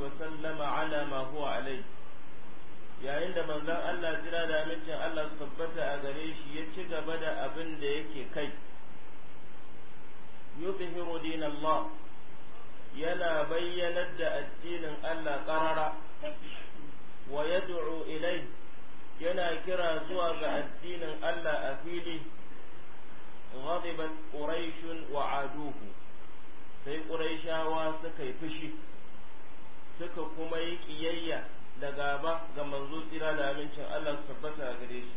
وسلم على ما هو alai, yayin da manzon Allah jira da amincin Allah su tabbata a gare shi ya ci gaba da abin da yake kai yuzhiru dinallah yana bayyanar da addinin Allah qarara wa yad'u ilayhi yana kira zuwa ga addinin Allah a fili ghadibat quraish wa aduhu sai quraishawa suka yi fushi suka kuma yi kiyayya da gaba ga manzo tsira da amincin Allah su tabbata a gare shi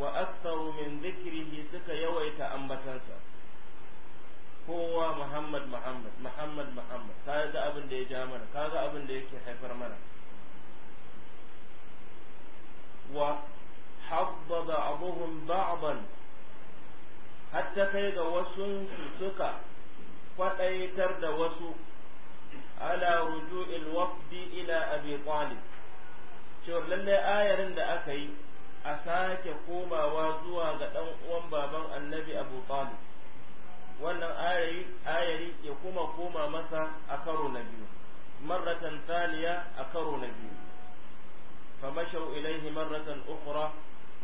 wa aktsaru min dhikrihi suka yawaita ambatansa kowa Muhammad Muhammad Muhammad Muhammad ka ga abin da ya ja mana ka ga abin da yake haifar mana wa habba abuhum ba'dan hatta kai ga wasu suka kwadaitar da wasu ala ruju' al ila abi talib cewa lalle ayarin da aka yi a sake komawa zuwa ga dan uwan baban annabi abu talib wannan ayari ayari ya kuma koma masa a karo na biyu marratan thaniya a karo na biyu famashau ilaihi marratan ukhra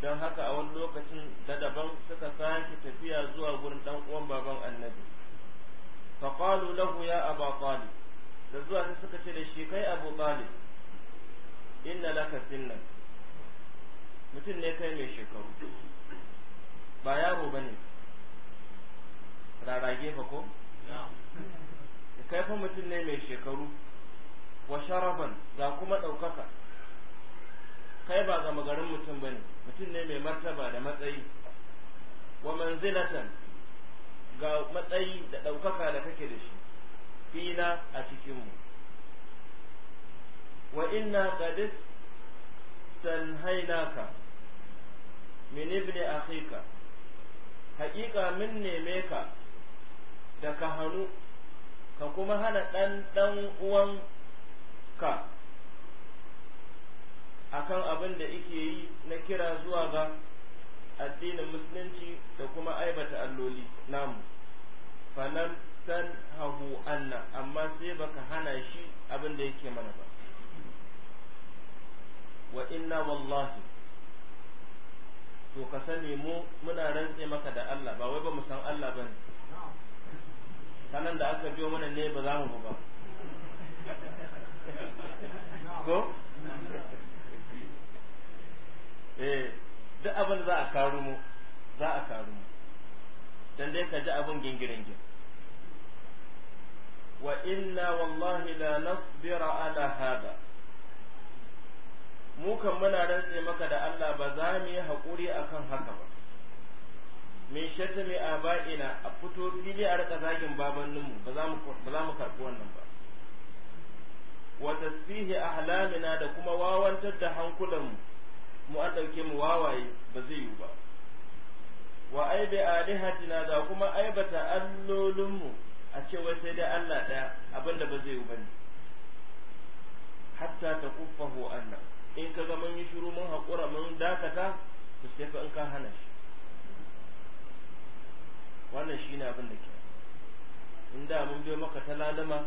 don haka a wani lokacin da daban suka sake tafiya zuwa gurin dan uwan baban annabi faqalu lahu ya aba talib da zuwa sai suka ce da shi kai abu talib inna laka sinnan mutum ne kai mai shekaru ba yaro ba ne rarage fa ko kai fa mutum ne mai shekaru wa sharaban ga kuma ɗaukaka kai ba ga garin mutum ba ne mutum ne mai martaba da matsayi wa manzilatan ga matsayi da ɗaukaka da kake da shi fina a cikin mu wa inna qad sanhainaka min ibni akhika haƙiƙa min neme ka da ka hannu ka kuma hana ɗan ɗan uwan ka akan abin da ike yi na kira zuwa ga addinin musulunci da kuma aibata alloli namu fanan hahu anna amma sai baka hana shi abin da yake mana ba wa inna wallahi to ka sani mu muna rantse maka da Allah ba wai ba mu san Allah ba ne sanan da aka biyo mana ne ba za mu ba ko eh duk abin za a karu mu za a karu mu dan dai ka ji abin gingirin gingirin وإلا والله لا نصبر على هذا mu kan muna rantse maka da Allah ba za mu yi haƙuri akan haka ba min shatami aba'ina a fito fili a rika zagin babanninmu ba za mu karɓi wannan ba wa tasbihi ahlamina da kuma wawantar da hankulanmu mu a ɗauke mu wawaye ba zai yi ba wa aibe alihatina da kuma aibata allolinmu a ce wai sai dai Allah ɗaya abinda ba zai yi bane hatta ta kuffahu Allah in ka ga mun yi shiru mun haƙura mun dakata to sai fa in ka hana shi wannan ne abin da ke in da mun biyo maka ta lalama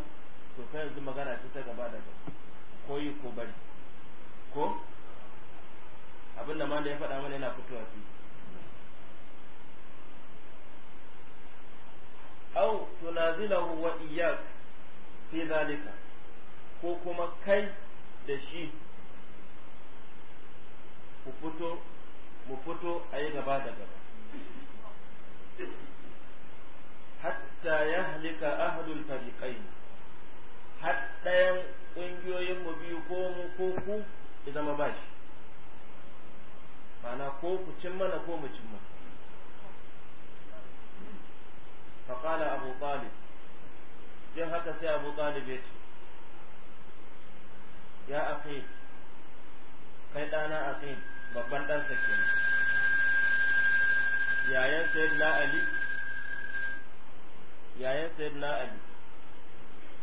to kai yanzu magana ce ta gaba da gaba ko yi ko bari ko abin da ma da ya faɗa mana yana fitowa fiye au tunazilahu wa iyyak fi zalika ko kuma kai da shi ku fito mu fito a yi gaba da gaba hatta ya halika ahadul fariqain har ɗayan ƙungiyoyin mu biyu ko mu ko ku ya zama bashi ma'ana ko ku cin mana ko mu cin mana فقال أبو طالب جهك سي أبو طالب يتي يا أخي kai ɗana a ببن babban ɗansa ke yayan sayid na ali yayan sayid na ali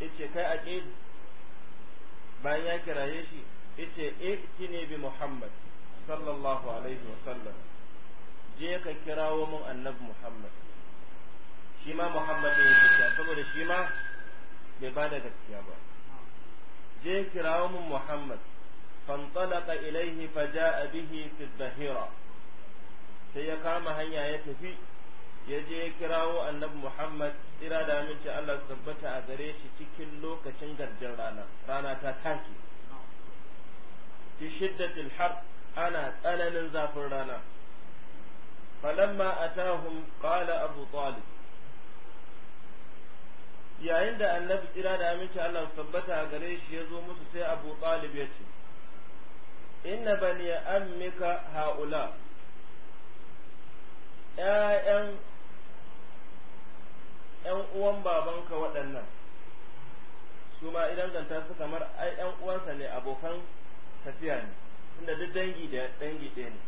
ice kai a ƙil bayan ya kiraye shi ice ne bi muhammad sallallahu alaihi wa je ka kirawo mun annabi muhammad shi ma Muhammad ya gaskiya saboda shi ma bai ba da gaskiya ba je kirawo min Muhammad fantalaqa ilaihi faja'a bihi fi dhahira sai ya kama hanya ya tafi ya je ya kirawo annabi Muhammad ira da aminci Allah tabbata a gare shi cikin lokacin garjin rana rana ta tashi fi shiddatil har ana tsananin zafin rana falamma atahum kala abu talib yayin da annabi tsira da aminci Allah tabbata a gare shi ya zo musu sai abu talib ya ce inna bani ammika haula ƴaƴan ƴan uwan babanka waɗannan su ma idan zanta su kamar ai ƴan uwansa ne abokan tafiya ne inda duk dangi da dangi ɗaya ne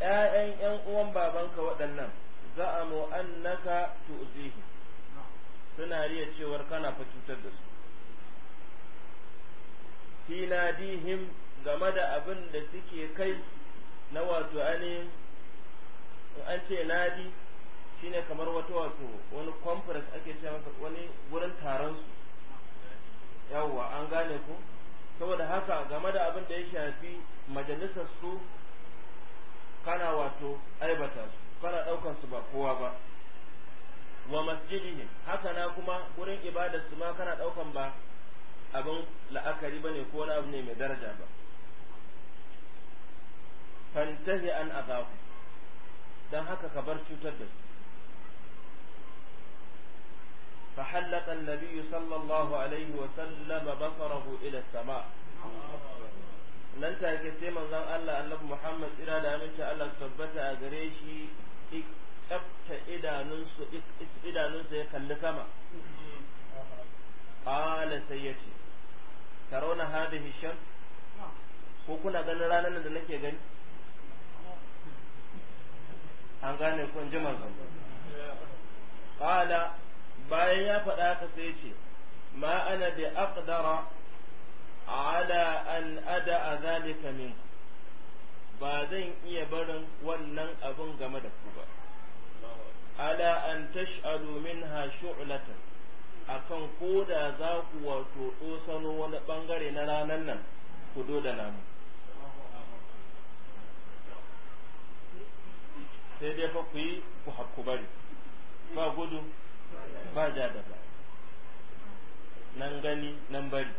ƴaƴan ƴan uwan babanka waɗannan za'amu annaka tu'zihi suna riya cewar kana fa cutar da su fi nadihim game da abin da suke kai na wato ainihin an ce nadi shine kamar wata wato wani conference ake ce masa wani wurin taron su yawwa an gane ku saboda haka game da abin da ya shafi majalisar su kana wato aibata su kana daukan su ba kowa ba wa masjidihim haka na kuma wurin ibadar su ma kana daukan ba abin la'akari ne ko wani abu ne mai daraja ba fantahi an azaku dan haka ka bar cutar da su فحلق النبي صلى الله عليه وسلم بصره إلى السماء nan take sai manzon Allah annabi Muhammad tsira da aminci Allah tabbata a gare shi kyafta idanunsu idanunsa ya kalli sama Ƙala sai ya ce tarawna haɗe hishar? ko kuna ganin ranar da nake gani an gane kun jimar ji Ƙala bayan ya faɗa ka sai ce ma ana da aqdara ala an ada zalika min ba zan iya barin wannan abin game da ku ba ala an tash'alu minha shu'latan akan koda za ku wato dosano wani bangare na ranan nan ku da namu sai dai fa ku yi ku hakku bari ba gudu ba ja da ba nan gani nan bari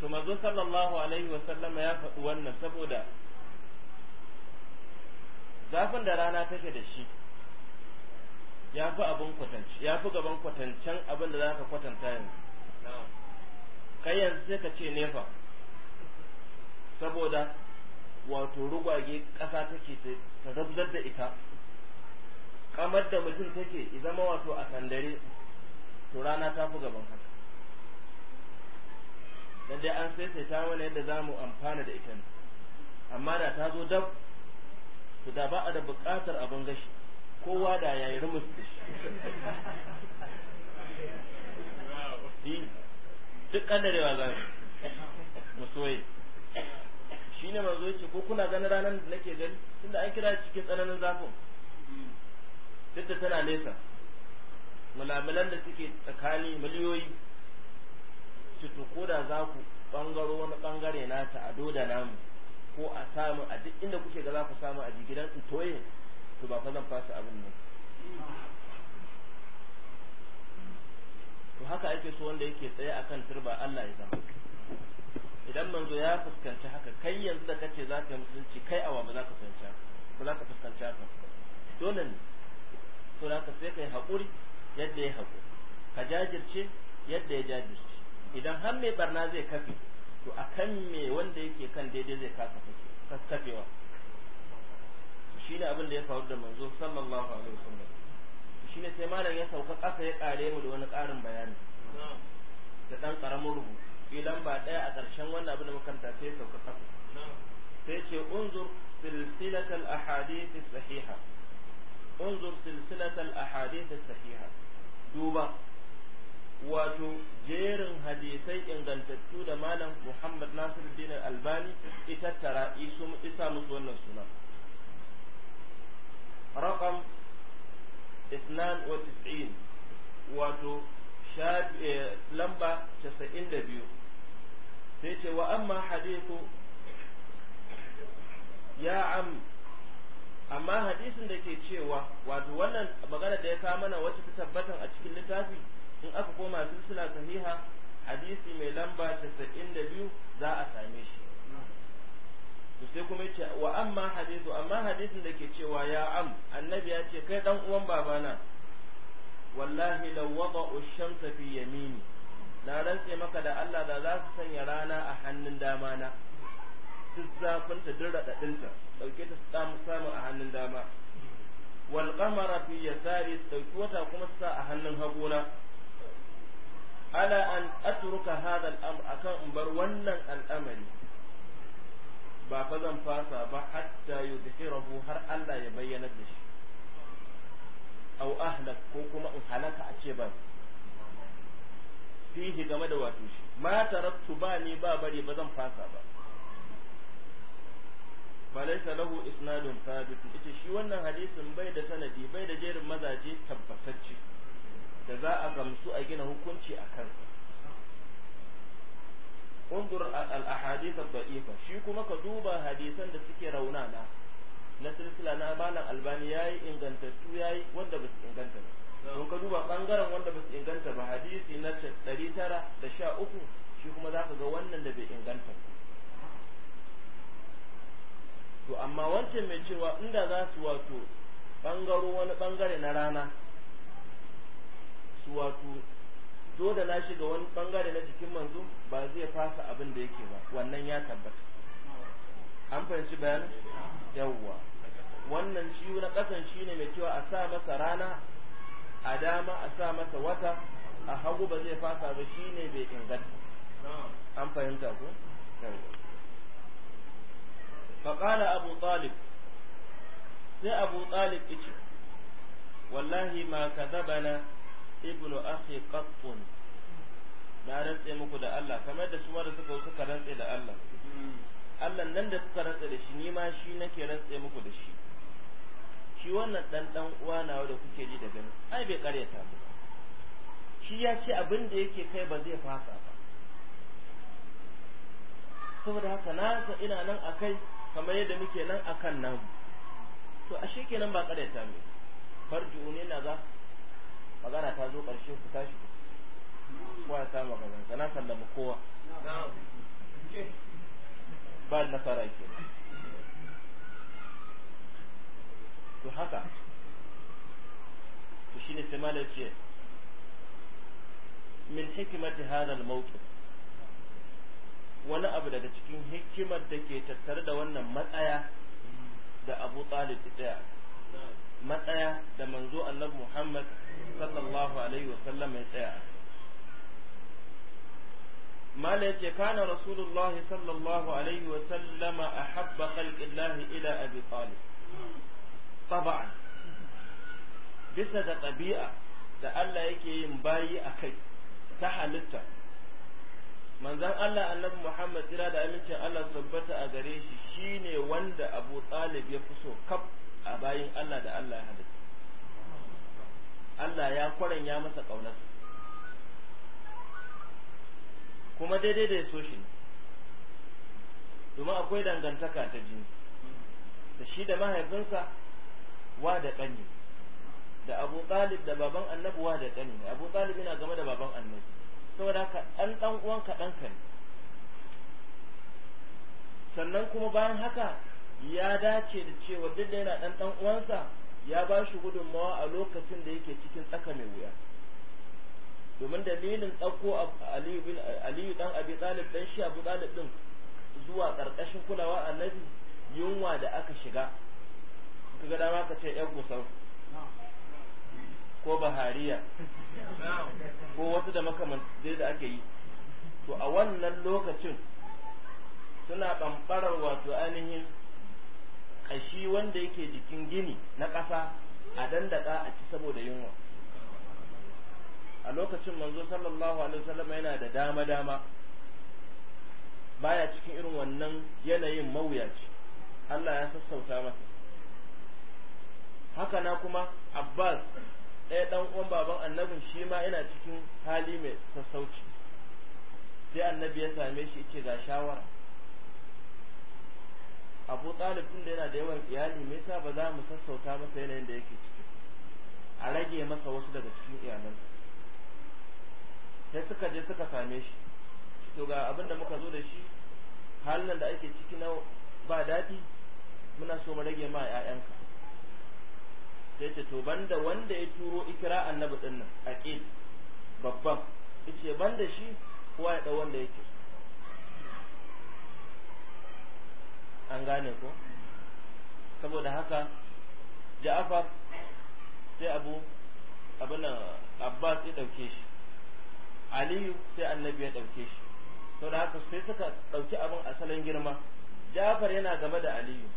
to manzo sallallahu alaihi wa sallama ya faɗi wannan saboda zafin da rana take da shi ya fi abin kwatanci ya fi gaban kwatancen abin da za ka kwatanta yanzu kai yanzu sai ka ce nefa saboda wato rugwage ƙasa take ta rabzar da ita kamar da mutum take zama wato a sandare to rana ta fi gaban haka dan dai an sai sai ta wani yadda za mu amfana da ita amma da ta zo dab to da ba a da buƙatar abin gashi kowa da yayi rumus da shi duk za su musoyi shi ne mazo ce ko kuna ganin ranar da nake gani tunda an kira cikin tsananin zafin duk da tana nesa mulamulan da suke tsakani miliyoyi cutu ko da za ku ɓangaro wani bangare nata a da namu ko a samu a duk inda kuke ga za ku samu a gidan toye to ba fa zan fasa abin nan to haka ake so wanda yake tsaye akan turba Allah ya zama idan manzo ya fuskanci haka kai yanzu da kace za ka musulunci kai awa ba za ka fuskanci ba za ka fuskanci haka dole ne to za ka sai kai haƙuri yadda ya haƙuri ka jajirce yadda ya jajirce idan har mai barna zai kafe to kan me wanda yake kan daidai zai kasa kaskafewa ne abin da ya faru da manzo sallallahu alaihi wasallam ne sai malam ya sauka kasa ya kare mu da wani karin bayani da dan karamin rubutu bi lamba daya a karshen wannan abin da ta sai sauka kasa sai ce unzur silsilat al ahadith as sahiha unzur silsilat al ahadith as sahiha duba wato jerin hadisai ingantattu da malam Muhammad Nasiruddin Albani ita tara isu isa musu wannan suna raqam 92 wato eh, lamba 92 sai ce wa amma hadithu ya am amma hadisin da ke cewa wato wannan magana da ya kawo mana wacce ta tabbatan a cikin littafi in aka koma silsila sahiha hadisi mai lamba 92 za a same shi to sai kuma yace wa amma hadithu amma hadisin da ke cewa ya am annabi ya ce kai dan uwan babana wallahi law ash shamsa fi yamini na rantse maka da Allah da za su sanya rana a hannun dama na duk zafin ta duk radadinta dauke ta samu samu a hannun dama wal qamara fi yasari ɗauki wata kuma sa a hannun hagu ala an atruka hadha al-amr akan in bar wannan al'amari ba fa zan fasa ba hatta yudhhirahu har Allah ya bayyana da shi aw ahlak ko kuma in halaka a ce ba fihi game da wato shi ma taraktu ba ni ba bari ba zan fasa ba balaisa lahu isnadun thabit ita shi wannan hadisin bai da sanadi bai da jerin mazaje tabbatacce da za a gamsu a gina hukunci a kansa undur al-ahadith ad-da'ifa shi kuma ka duba hadisan da suke raunana na silsila na malam albani yayi ingantattu yayi wanda ba su inganta ba don ka duba bangaren wanda ba su inganta ba hadisi na 913 shi kuma za ka ga wannan da bai inganta ba to amma wancan mai cewa inda za su wato bangaro wani bangare na rana wato zo da na shiga wani bangare na jikin manzo ba zai fasa abin da yake ba wannan ya tabbata an fahimci bayan yawwa wannan shi na kasan shi ne mai cewa a sa masa rana a dama a sa masa wata a hagu ba zai fasa ba shi ne bai inganta an fahimta ko faƙala abu talib sai abu talib ice wallahi ma ka na. ibnu akhi qattun na rantse muku da Allah kamar da su da suka suka rantse da Allah Allah nan da suka rantse da shi nima ma shi nake rantse muku da shi shi wannan dan dan uwa nawa da kuke ji da gani ai bai kareta ba. shi ya ce abin da yake kai ba zai fasa ba saboda haka na san ina nan akai kamar yadda muke nan akan nan to ashe kenan ba kareta mu farjuni ne na za magana ta zo ƙarshe ku tashi kowa ya kama gaban sa na sallama kowa ba na fara ke to haka to shine sai malam ce min hikimati hada al-mawqif wani abu daga cikin hikimar da ke tattare da wannan matsaya da Abu Talib tsaya matsaya da manzo annabi Muhammad sallallahu alaihi wasallam ya tsaya mala yace kana rasulullah sallallahu alaihi wasallam ahabba khalqillah ila abi talib taban bisa da tabi'a da Allah yake yin bayi a kai ta halitta manzan Allah annabi Muhammad tira da amincin Allah tabbata a gare shi shine wanda Abu Talib ya fi so kaf a bayin Allah da Allah ya halitta Allah ya kwaran ya masa ƙaunarsa kuma daidai da ya so shi domin akwai dangantaka ta jini da shi da mahaifinsa wa da ƙani da abu ɗalib da baban annabi wa da ƙani abu ɗalib yana game da baban annabi saboda haka ɗan ɗan uwanka ɗanka ne sannan kuma bayan haka ya dace da cewa duk da yana dan dan uwansa ya ba shi gudunmawa a lokacin da yake cikin tsaka mai wuya domin dalilin tsakko aliyu aliyu dan abi talib dan shi abu talib din zuwa karkashin kulawa annabi yunwa da aka shiga kaga dama ka ce yan gusau ko bahariya ko wasu da dai da ake yi to a wannan lokacin suna ɓamɓarar wato ainihin kashi wanda yake jikin gini na ƙasa a dandaka a ci saboda yunwa a lokacin manzo sallallahu alaihi wasallam yana da dama dama baya cikin irin wannan yanayin mawuyaci Allah ya sassauta masa haka na kuma Abbas ɗaya ɗan uwan baban annabin shi ma yana cikin hali mai sassauci sai annabi ya same shi ce ga shawara abu talib tun da yana da yawan iyali me yasa ba za mu sassauta masa yanayin da yake ciki a rage masa wasu daga cikin iyalan sai suka je suka same shi to ga abin da muka zo da shi halin da ake ciki na ba daɗi muna so mu rage ma 'ya'yanka sai ce to banda wanda ya turo ikira annabi din nan babban yace banda shi kowa ya dau wanda yake an gane ko saboda haka ja'afar sai abu abinan abbas ya ɗauke shi aliyu sai annabi ya ɗauke shi saboda haka sai suka ɗauki abin asalin girma ja'afar yana gaba da aliyu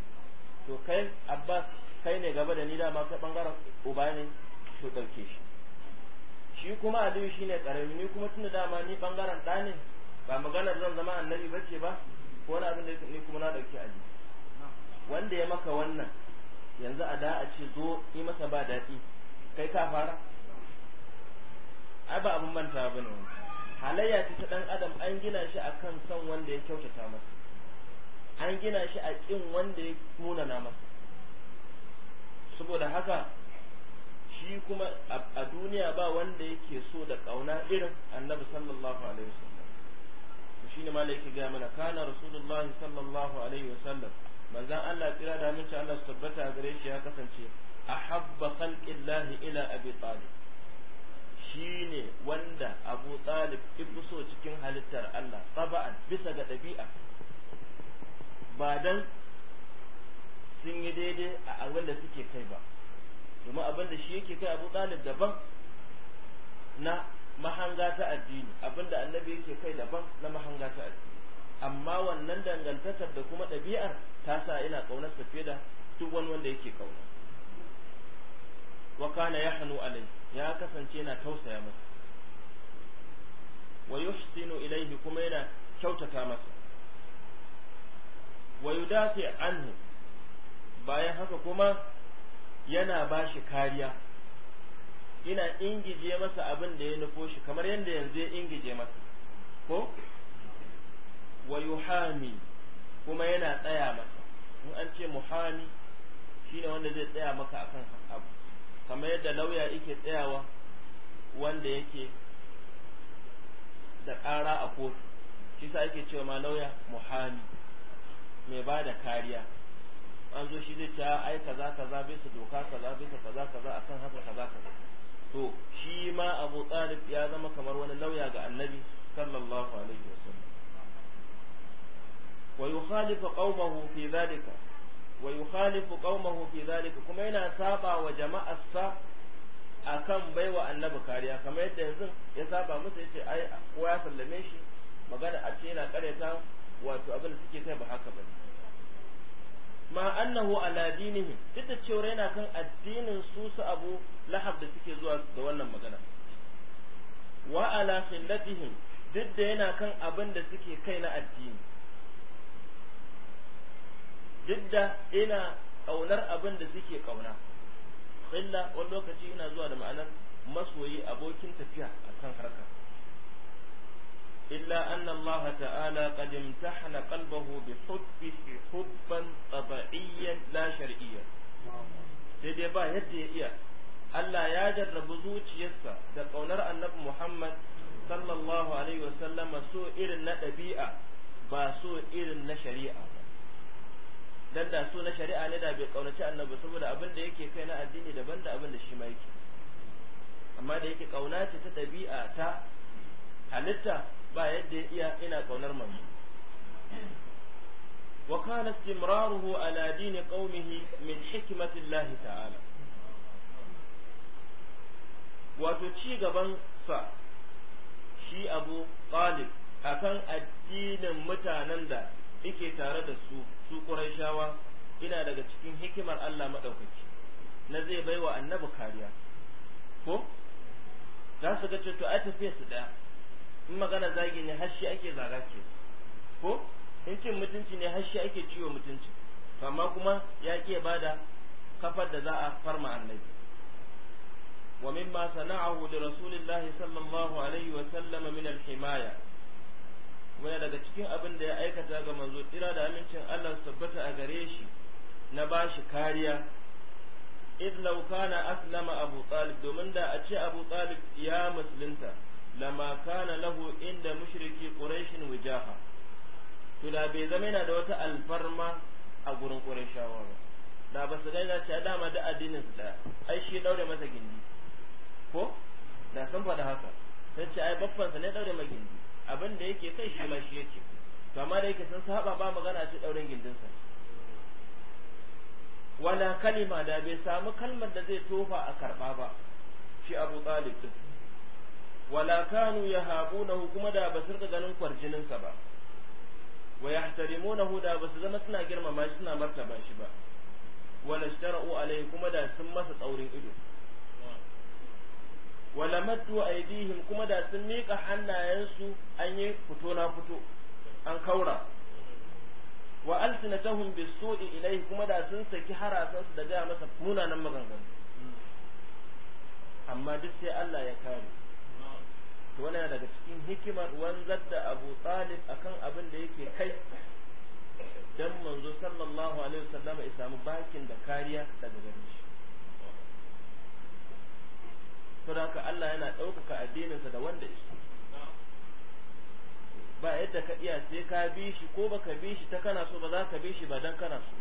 to kai abbas kai ne gaba da ni dama kai ɓangaren uba ne to ɗauke shi shi kuma aliyu shine ƙarami ni kuma tunda dama ni ɓangaren ɗa ne ba maganar zan zama annabi bace ba ko wani abin da ni kuma na dauki a jiki wanda ya maka wannan yanzu a da a ce zo yi masa ba daɗi kai ka fara ai ba abin manta ba ne halayya ce ta ɗan adam an gina shi akan son wanda ya kyautata masa an gina shi a ƙin wanda ya munana masa saboda haka shi kuma a duniya ba wanda yake so da ƙauna irin annabi sallallahu alaihi wasallam shine malai yake ga mana kana rasulullahi sallallahu alaihi wasallam manzon Allah kira da aminci Allah su tabbata gare shi ya kasance ahabba khalqillahi ila abi talib shine wanda abu talib ifi so cikin halittar Allah taba'an bisa ga ɗabi'a ba dan sun yi daidai a abin da suke kai ba domin abin da shi yake kai abu talib daban na mahanga ta addini abinda annabi yake kai daban na mahanga ta addini amma wannan dangantakar da kuma ɗabi'ar ta sa ina ƙaunar sa fiye da duk wani wanda yake ƙauna wa kana yahnu alai ya kasance yana tausaya masa wa yuhsinu ilaihi kuma yana kyautata masa wa yudafi anhu bayan haka kuma yana bashi kariya ina ingije masa abin da ya nufo shi kamar yadda yanzu ya ingije masa ko wa yuhami kuma yana tsaya masa in an ce muhami shine wanda zai tsaya maka akan abu kamar yadda lauya yake tsayawa wanda yake da ƙara a kotu shi sa ake cewa ma lauya muhami mai ba da kariya an zo shi zai ta za kaza kaza bisa doka kaza bisa kaza kaza akan haka kaza kaza to shi ma abu talib ya zama kamar wani lauya ga annabi sallallahu alaihi wasallam wa yukhalifu qaumahu fi dhalika wa yukhalifu qaumahu fi dhalika kuma yana saba wa jama'arsa akan baiwa annabi kariya kamar yadda yanzu ya saba musu yace ai kowa ya sallame shi magana a ce yana karyata wato abin da suke kai ba haka bane ma annahu ala dinihim duk da cewa yana kan addinin su su abu lahab da suke zuwa da wannan magana wa ala khillatihim duk yana kan abin da suke kai na addini duk ina kaunar abin da suke kauna khilla wani lokaci ina zuwa da ma'anar masoyi abokin tafiya akan harka إلا أن الله تعالى قد امتحن قلبه بحبه حبا طبيعيا لا شرعيا sai dai ba yadda ya iya Allah ya jarrabu zuciyarsa da ƙaunar annabi Muhammad sallallahu alaihi wasallama so irin na ɗabi'a ba so irin na shari'a dan da so na shari'a ne da bai ƙaunaci annabi saboda abin da yake kai na addini daban da abin da shi ma yake amma da yake ƙauna ce ta ɗabi'a ta halitta ba yadda ya iya ina kaunar manzo wa kana istimraruhu ala din qaumihi min hikmati Allah ta'ala wato ci gaban sa shi Abu Talib akan addinin mutanen da yake tare da su su Qurayshawa ina daga cikin hikimar Allah madaukaki na zai baiwa annabi kariya ko za su ga cewa a tafiya su daya in magana zagi ne har shi ake zaga ke ko in cin mutunci ne har shi ake ciwo mutunci amma kuma ya ke bada kafar da za a farma annabi wa mimma sana'ahu li rasulillahi sallallahu alaihi wa sallama min al-himaya daga cikin abin da ya aikata ga manzo tsira da amincin Allah su tabbata a gare shi na ba shi kariya idh law kana aslama abu talib domin da a ce abu talib ya musulunta lama kana lahu inda mushriki quraishin wujaha to da bai zama yana da wata alfarma a gurin qurayshawa ba da ba su gaida ce dama da addinin su da ai shi daure masa gindi ko da sun faɗa haka sai ce ai babban sa ne daure masa gindi abin da yake kai shi ma shi yake to amma da yake sun saba ba magana ce dauren gindin sa wala kalima da bai samu kalmar da zai tofa a karba ba shi Abu Talib din wala kanu yahabunahu kuma da ba su rika ganin kwarjinin sa ba wa yahtarimunahu da ba zama suna girmama shi suna martaba shi ba wala shara'u alaihi kuma da sun masa tsaurin ido wala maddu aidihim kuma da sun miƙa hannayensu an yi fito na fito an kaura wa alsinatahum bisu'i ilaihi kuma da sun saki harasan su da ga masa munanan maganganu amma duk sai Allah ya kare wannan daga cikin hikimar wanzar da Abu Talib akan abin da yake kai dan manzo sallallahu alaihi wasallam ya samu bakin da kariya daga gare shi saboda Allah yana ɗaukaka addininsa da wanda yake ba yadda ka iya sai ka bi shi ko baka bi shi ta kana so ba za ka bi shi ba dan kana so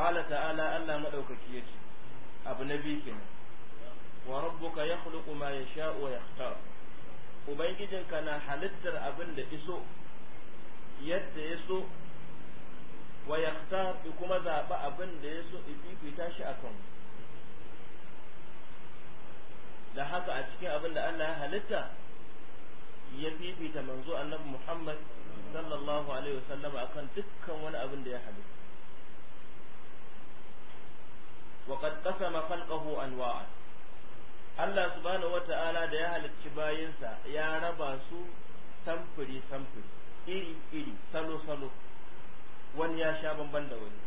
qala ta'ala Allah madaukaki yace abu nabi kenan wa rabbuka yakhluqu ma yasha'u wa yakhtar ubangijinka na halittar abin da iso yadda ya so wa yakhtar kuma zaɓi abin da ya so ififita shi akan da haka a cikin abin da Allah ya halitta ya fifita manzo annabi Muhammad sallallahu alaihi wasallam akan dukkan wani abin da ya halitta وقد قسم خلقه أنواعا Allah subhanahu wata'ala da ya halicci bayinsa ya raba su samfuri samfuri iri iri salo salo wani ya sha bamban da wani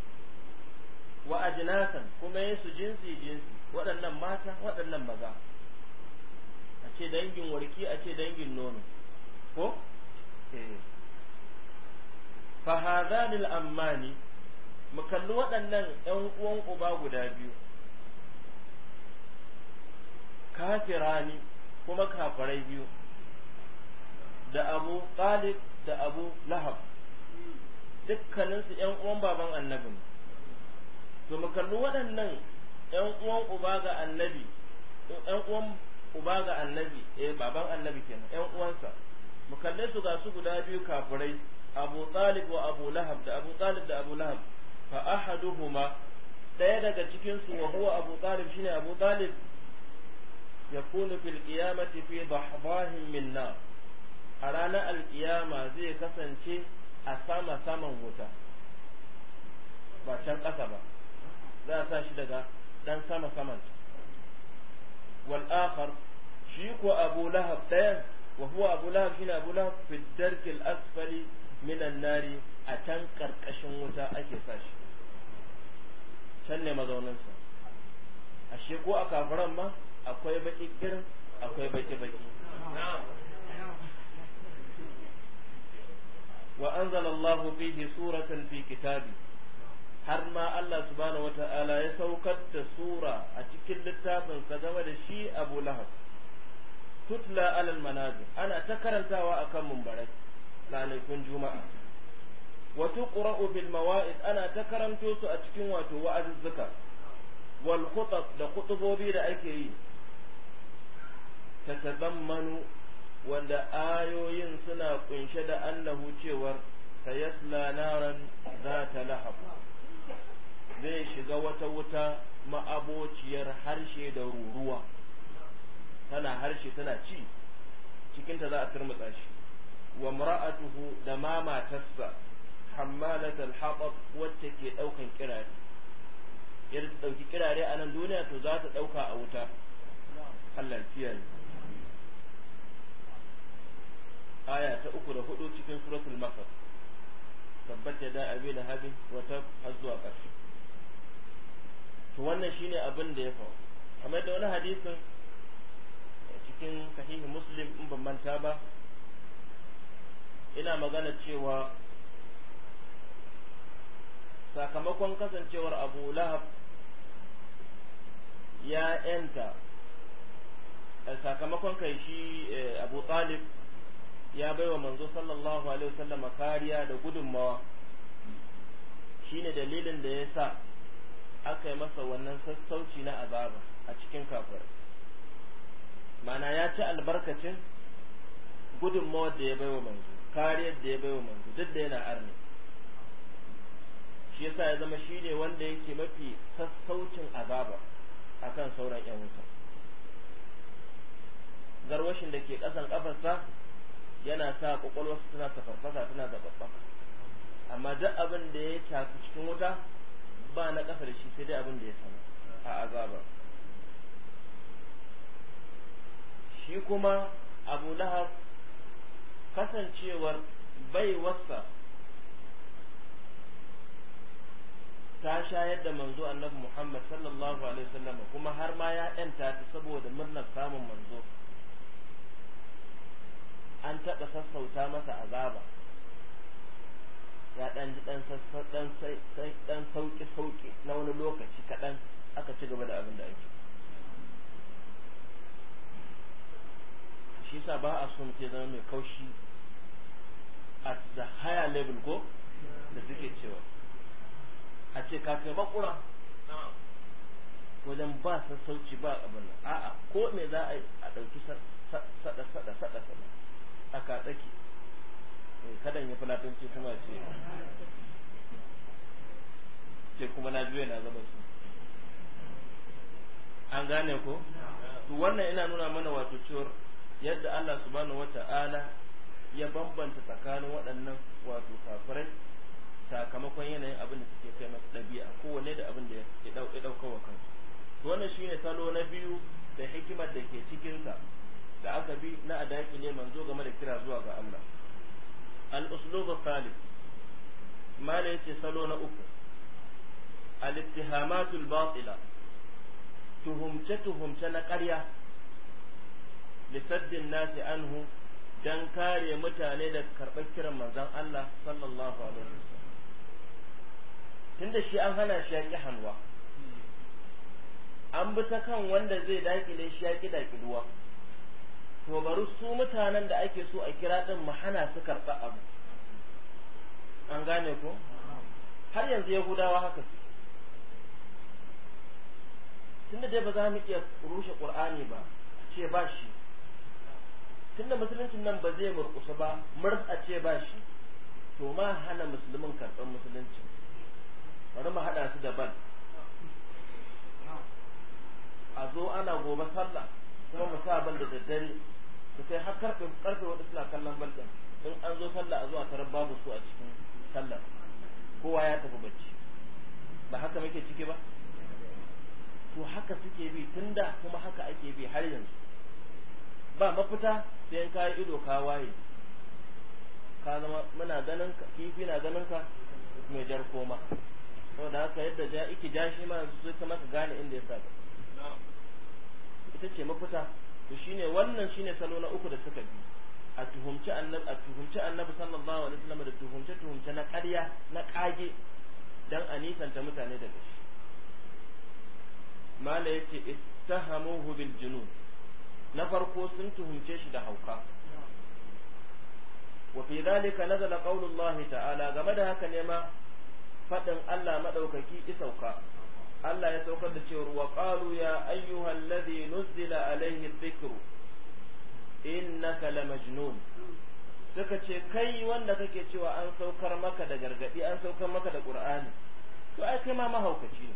wa ajnasan kuma su jinsi jinsi waɗannan mata waɗannan maza a ce dangin warki a ce dangin nono ko eh fa hadhanil ammani mu kalli waɗannan ƴan uwan uba guda biyu kafirani kuma kafirai biyu da abu talib da abu lahab dukkaninsu ‘yan uwan baban annabi ne to mu kalli waɗannan ‘yan uwan uba ga annabi ‘yan uwan uba ga annabi eh baban annabi kenan ‘yan uwansa mu kalle su ga su guda biyu kafirai abu talib wa abu lahab da abu talib da abu lahab fa ahaduhuma ɗaya daga cikinsu wa huwa abu talib shine abu talib yakunu fil qiyamati fi dhahbahin min nar a ranar alƙiyama zai kasance a sama saman wuta ba can ƙasa ba za a sa daga dan sama saman wal akhar shi ko abu lahab dayan wa huwa abu lahab shine asfali minan nari a can karkashin wuta ake sa shi can ne mazauninsa ashe ko a kafiran ma akwai baki kirin akwai baki baki wa anzala Allah fihi suratan fi kitabi har ma Allah subhanahu wata'ala ya saukar da sura a cikin littafin sa game da shi Abu Lahab tutla alal manazir ana ta karantawa akan mumbarai ranakun juma'a wa tuqra'u bil mawa'id ana ta karanto su a cikin wato wa'azuzzuka wal khutab da khutubobi da ake yi tatabammanu wanda ayoyin suna kunshe da annahu cewar sayasla naran za ta lahab zai shiga wata wuta ma'abociyar harshe da ruruwa tana harshe tana ci cikinta za a turmutsa shi wa mura'atuhu da ma matarsa hammalat al wacce ke daukan kirare yadda dauki kirare a nan duniya to za ta dauka a wuta Allah aya ta uku da hudu cikin suratul masar tabbat ya da abi lahabin wata har zuwa ƙarshe to wannan shine abin da ya faru kamar da wani hadisin cikin sahih muslim in ban manta ba ina magana cewa sakamakon kasancewar abu lahab ya yanta eh, sakamakon kai shi eh, abu talib ya baiwa manzo sallallahu alaihi wasallam kariya da gudunmawa shine dalilin da ya sa aka yi masa wannan sassauci na azaba a cikin kafir mana ya ci albarkacin gudunmawar da ya baiwa manzo kariyar da ya baiwa manzo duk da yana arni shi yasa ya zama shine wanda yake mafi sassaucin azaba akan sauran yan garwashin da ke ƙasan ƙafarsa yana sa su tana tafarfasa tana zababbaka amma duk abin da ya tafi cikin wuta ba na ƙasa da shi sai dai abin da ya sama a azaba shi kuma abu lahab kasancewar baiwarsa ta shayar da manzo annabi muhammad sallallahu alaihi wasallam kuma har ma ya yanta ta saboda murnar samun manzo an taɓa sassauta masa azaba ya ɗan ji ɗan sauƙi-sauƙi na wani lokaci kaɗan aka ci gaba da abin da ake shi sa ba a son ce zama mai kaushi at the higher level ko da suke cewa a ce kafin kai makura wajen ba sassauci ba abin a'a ko me za a ɗauki sada sada sada sada A tsaki eh, kadan ya fulatanci kuma ce ce kuma na juya na zama su an gane ko to wannan ina nuna mana wato cewar yadda Allah subhanahu wata'ala ya bambanta tsakanin waɗannan wato kafirai sakamakon yanayin abin da suke kai masa ɗabi'a kowane da abin da ya ɗauka kansu wannan ne salo na biyu da hikimar da ke cikinsa da aka bi na adaki ne manzo game da kira zuwa ga Allah al-uslubu salih mala yace salo na uku al-ittihamatul batila tuhumce tuhumce na ƙarya lisaddin nasi anhu dan kare mutane da karɓar kiran manzon Allah sallallahu alaihi wasallam tunda shi an hana shi yaƙi hanwa an bi ta kan wanda zai dakile shi yaƙi daƙiluwa to bari su mutanen da ake so a kira din mu hana su karɓa abu an gane ko har yanzu yahudawa haka su tunda dai ba za mu iya rushe ƙur'ani ba ce ba shi tunda musuluncin nan ba zai murƙusa ba mur a ce ba shi to ma hana musulmin karɓar musulunci bari mu haɗa su daban a zo ana gobe sallah kuma mu sa ban da daddare su kai har karfe karfe wata suna kallon balɗin in an zo sallah a zuwa tare babu su a cikin sallar kowa ya tafi bacci ba haka muke ciki ba to haka suke bi tunda kuma haka ake bi har yanzu ba mafita sai in kayi ido ka waye ka zama muna ganin ka kifi na ganin ka mai jar koma saboda haka yadda ja iki ja shi ma yanzu sai ka maka gane inda ya saka ita ce mafita to shine wannan shine salo na uku da suka bi a tuhumci annabi a tuhumci annabi sallallahu alaihi wasallam da tuhumce tuhumce na ƙarya na ƙage dan a nisanta mutane da shi mala yace ittahamuhu bil junun na farko sun tuhumce shi da hauka wa fi dhalika nazala qawlullahi ta'ala game da haka ne ma fadin Allah madaukaki isauka Allah ya saukar da cewar wa qalu ya ayyuhal ladhi nuzila alayhi dhikru innaka lamajnun suka ce kai wanda kake cewa an saukar maka da gargadi an saukar maka da qur'ani to ai kai ma mahaukaci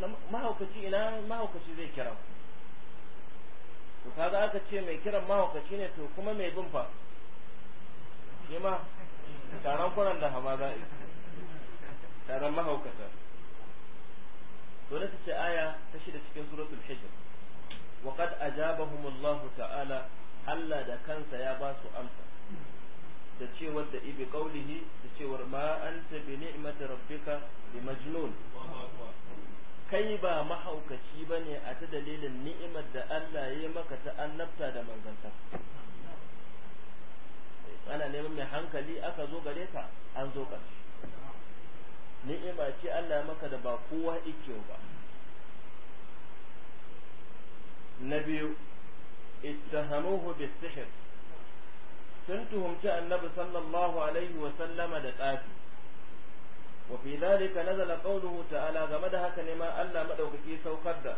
ne mahaukaci ina mahaukaci zai kira to kaga aka ce mai kiran mahaukaci ne to kuma mai bin fa shi ma taron kuran da hama za'i taron mahaukata to ta ce aya ta shida cikin suratul hijr wa qad ajabahum Allah ta'ala Allah da kansa ya ba su amsa da cewar da ibi qaulihi da cewar ma anta bi ni'mati rabbika bi majnun kai ba mahaukaci bane a ta dalilin ni'imar da Allah ya maka ta annabta da manzanta ana neman mai hankali aka zo gare ka an zo ƙarshe ni'ima ce Allah maka da ba kowa yake ba na biyu ittahamuhu bisihr sun tuhumci annabi sallallahu alaihi wa sallama da tsafi wa fi dhalika nazala qawluhu ta'ala game da haka ne ma Allah madaukaki saukar da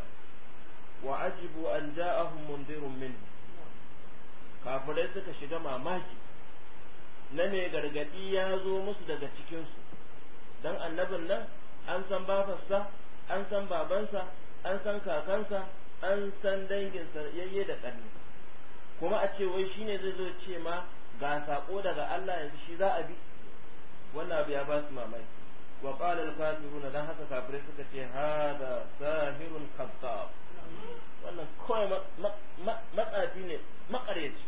wa ajibu an ja'ahum mundirun min kafirai suka shiga mamaki na mai gargadi ya zo musu daga cikinsu dan annabin nan an san babarsa an san babansa an san kakansa an san dangin yayye da ƙarni kuma a ce wai shine zai zo ce ma ga sako daga Allah yanzu shi za a bi wannan abu ya ba su mamaki wa qala al-kafiruna dan haka kafirai suka ce hada sahirun kazzab wannan kawai matsafi ne makareci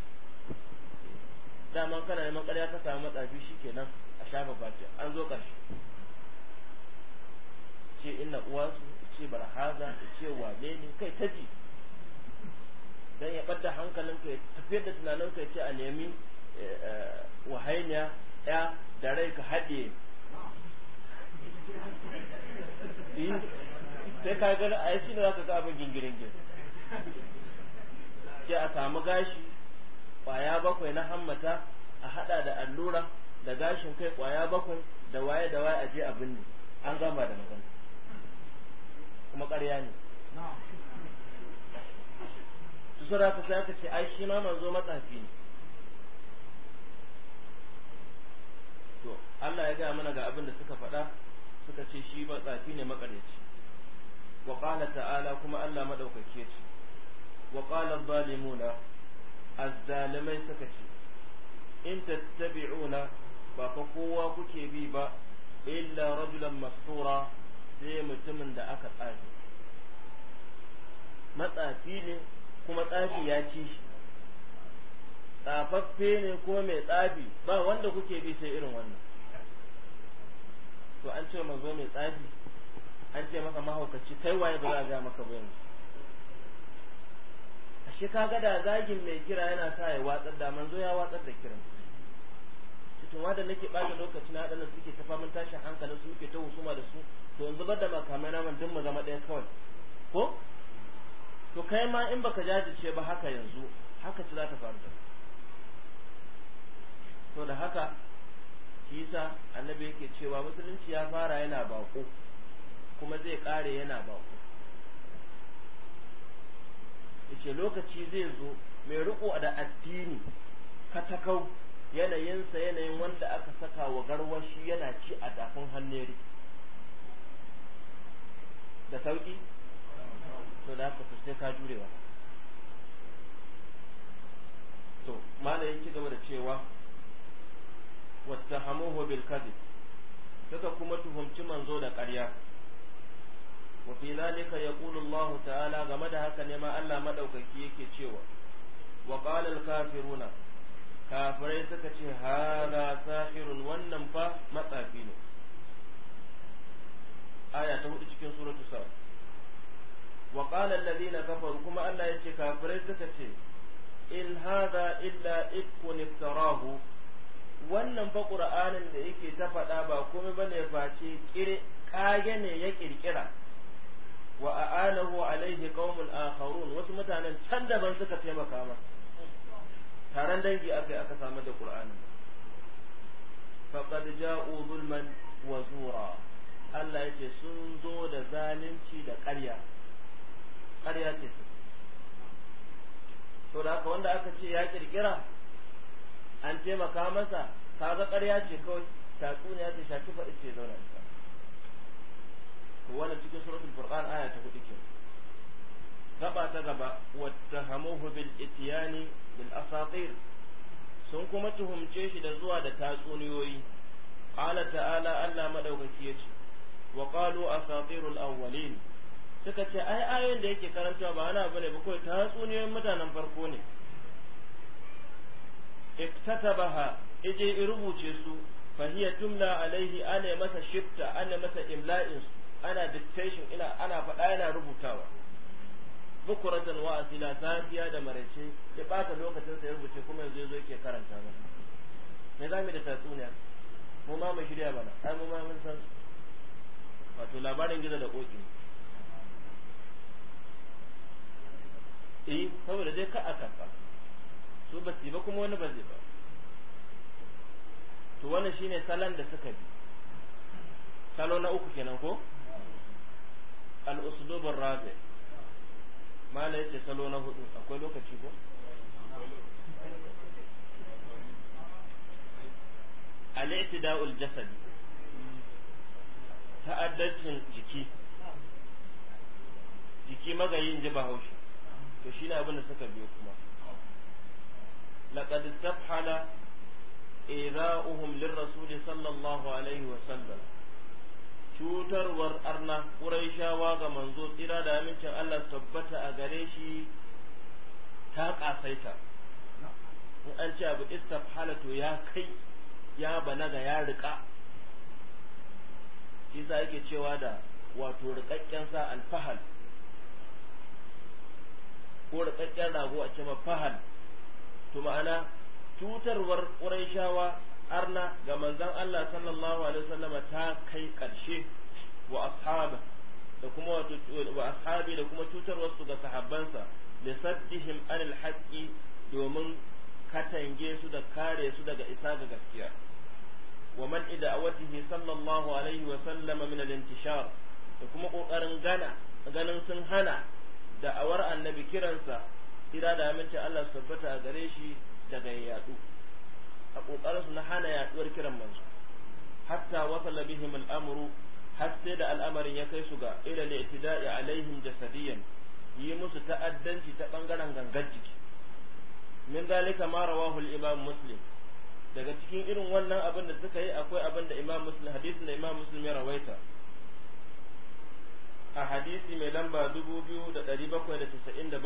daman kana neman ƙarya ka samu matsafi shikenan a shafa baki an zo karshe ce illa uwansu ce barhaza ce wa ne kai ta ji dan ya hankalin ka ya tafiyar da tunaninka ya ce a nemi eh, eh, wahainiya ya da rai ka haɗe sai ka gani a yashi ne za ka ga abin gingirin gir sai a samu gashi ƙwaya bakwai na hammata a haɗa da allura da gashin kai ƙwaya bakwai da waye da waye a je abin ne an gama da magana kuma ƙarya ne su sura ka sai aka ce ai shi ma manzo matsafi ne to Allah ya ga mana ga abin da suka faɗa suka ce shi matsafi ne makareci wa qala ta'ala kuma Allah madaukake ce wa qala zalimuna azzalimai suka ce in tattabi'una ba fa kowa kuke bi ba illa rajulan tura. sai mutumin da aka tsafi matsafi ne kuma tsafi ya ci shi tsafaffe ne kuma mai tsafi ba wanda kuke bi sai irin wannan to an ce manzo mai tsafi an ce maka mahaukaci kai waye ba za a ga maka ba yanzu ashe kaga da zagin mai kira yana sa ya watsar da manzo ya watsar da kiran to ma da nake bata lokaci na dan suke ta faman tashin hankalin su muke ta husuma da su to yanzu bar da makamai na man mu zama ɗaya kawai ko to kai ma in baka jajirce ba haka yanzu haka ci za ta faru da to da haka kisa annabi yake cewa musulunci ya fara yana bako kuma zai kare yana bako yace lokaci zai zo mai riko da addini katakau yanayinsa yanayin wanda aka saka wa garwashi yana ci a dafin hanneri da sauki to da haka sai ka jurewa to mala yake gaba da cewa wattahamuhu bil kadhib suka kuma tuhumci manzo da ƙarya wa fi zalika yaqulu Allah ta'ala game da haka ne ma Allah madaukaki yake cewa wa qala al kafiruna kafirai suka ce hada sahirun wannan fa matsafi ne aya ta hudu cikin suratul sa wa qala alladhina kafaru kuma Allah yace kafirai suka ce in hada illa ikun iftarahu wannan fa qur'anin da yake ta faɗa ba komai bane face kire kage ne ya kirkira wa a'anahu alaihi qaumun akharun wasu mutanen can daban suka taimaka masa taron dangi aka aka samu da qur'anin faqad ja'u zulman wa zura Allah yake sun zo da zalunci da ƙarya ƙarya ce to da haka wanda aka ce ya kirkira an taimaka masa kaga ƙarya ce kawai tatsuniya ce shaki faɗi ce zauna ta wannan cikin suratul furqan aya ta hudu kenan gaba ta gaba wattahamuhu bil itiyani bil asatir sun kuma tuhumce shi da zuwa da tatsuniyoyi qala ta'ala Allah madaukaki yace wa qalu asatirul awwalin suka ce ai ayoyin da yake karantawa ba wani abu ne ba kawai tatsuniyoyin mutanen farko ne iktatabaha ije rubuce su fahiya tumla alaihi ana masa shifta ana masa imla'in ana dictation ina ana faɗa yana rubutawa bukuratan wa asila safiya da maraice ya bata lokacin sa ya rubuce kuma yanzu yazo yake karanta ba me zamu da tatsuniya mu ma mu shirya bana ai mu ma mun san wato labarin gida da koki eh saboda dai ka aka ka su ba ba kuma wani ba zai ba to wannan shine salon da suka bi salo na uku kenan ko al-uslubur rabi' mala yake salo na hudu akwai lokaci ko al-i'tida'ul jasad ta'addancin jiki jiki magayin ji bahaushe to shi ne abin da suka biyo kuma laqad istafhala إيذاؤهم lirrasul sallallahu alaihi wa sallam cutarwar arna ƙuraishawa ga manzo tsira da amincin Allah tabbata a gare shi ta ƙasaita in an ce abu istafhala to ya kai ya banaga ya riƙa shi za ake cewa da wato riƙaƙƙen sa alfahal ko riƙaƙƙen rago a ce fahal to ma'ana cutarwar ƙuraishawa arna ga manzon Allah sallallahu alaihi wasallama ta kai karshe wa ashabi da kuma wa ashabi da kuma ga sahabbansa da saddihim anil haqqi domin katange su da kare su daga isa ga gaskiya wa man ida'awatihi sallallahu alaihi wasallama min al-intishar da kuma kokarin gana ganin sun hana da'awar annabi kiransa ira da aminci Allah Sabbata a gare shi daga yadu a kokarin su na hana yaduwar kiran manzo hatta wasala bihim al'amuru, har sai da al'amarin ya kai su ga ila da alaihim jasadiyan yi musu ta'addanci ta bangaren gangar jiki min dalika ma rawahu al-imam muslim daga cikin irin wannan abin da suka yi akwai abin da imam muslim hadisin da imam muslim ya rawaita a hadisi mai lamba 2797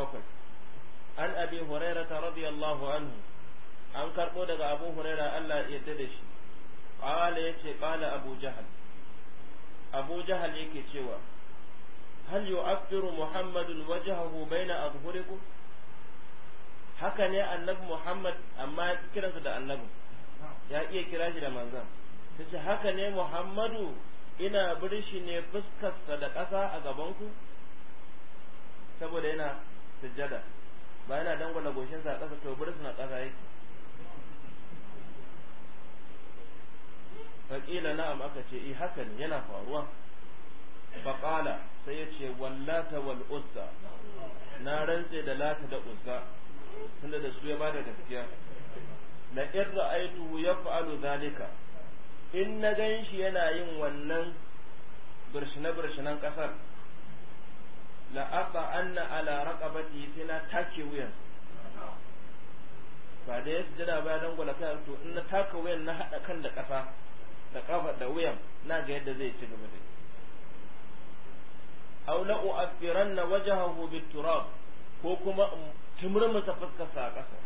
an abi hurairah radiyallahu anhu an karbo daga abu huraira Allah ya yarda da shi qala yace qala abu jahal abu jahal yake cewa hal yu'affiru muhammadun wajhahu baina adhhurikum haka ne annabi muhammad amma kiransa da annabi ya iya kira shi da manzan tace haka ne muhammadu ina birshi ne fuskarsa da ƙasa a gabanku saboda yana sujjada ba yana dangwala goshinsa a ƙasa to birsu na ƙasa yake faƙila na'am aka ce eh haka ne yana faruwa faƙala sai ya ce wallata wal uzza na rantse da lata da uzza tunda da su ya bada gaskiya la in ra'aituhu yaf'alu zalika in na gan shi yana yin wannan birshine-birshinan ƙasar la'aƙa anna ala raƙabati sai na take wuyan ba da ya jira ba don gwada kai to in na taka wuyan na haɗa kan da ƙasa da kafa da wuyan na ga yadda zai ci gaba da aw la u'affiranna wajhahu bit-turab ko kuma tumurmusa fuskarsa a ƙasa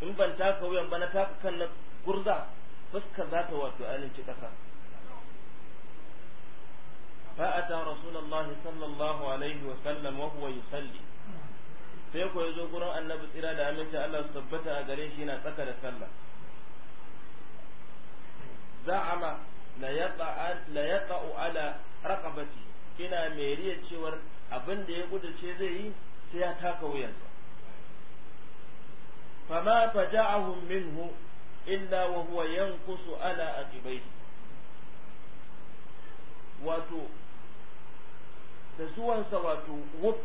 in ban taka wuyan ba na taka kan na gurza fuskar za ta wato alinci ƙasa فأتى رسول الله صلى الله عليه وسلم وهو يصلي sai ko yazo gurin annabi tsira da aminci Allah su tabbata a gare shi yana tsaka da sallah za'ama la yata ala raqabati ina meriya cewar abin da ya ce zai yi sai ya taka wuyansa fama faja'ahum minhu illa wa huwa yanqusu ala aqibaihi wato da zuwansa wato wuf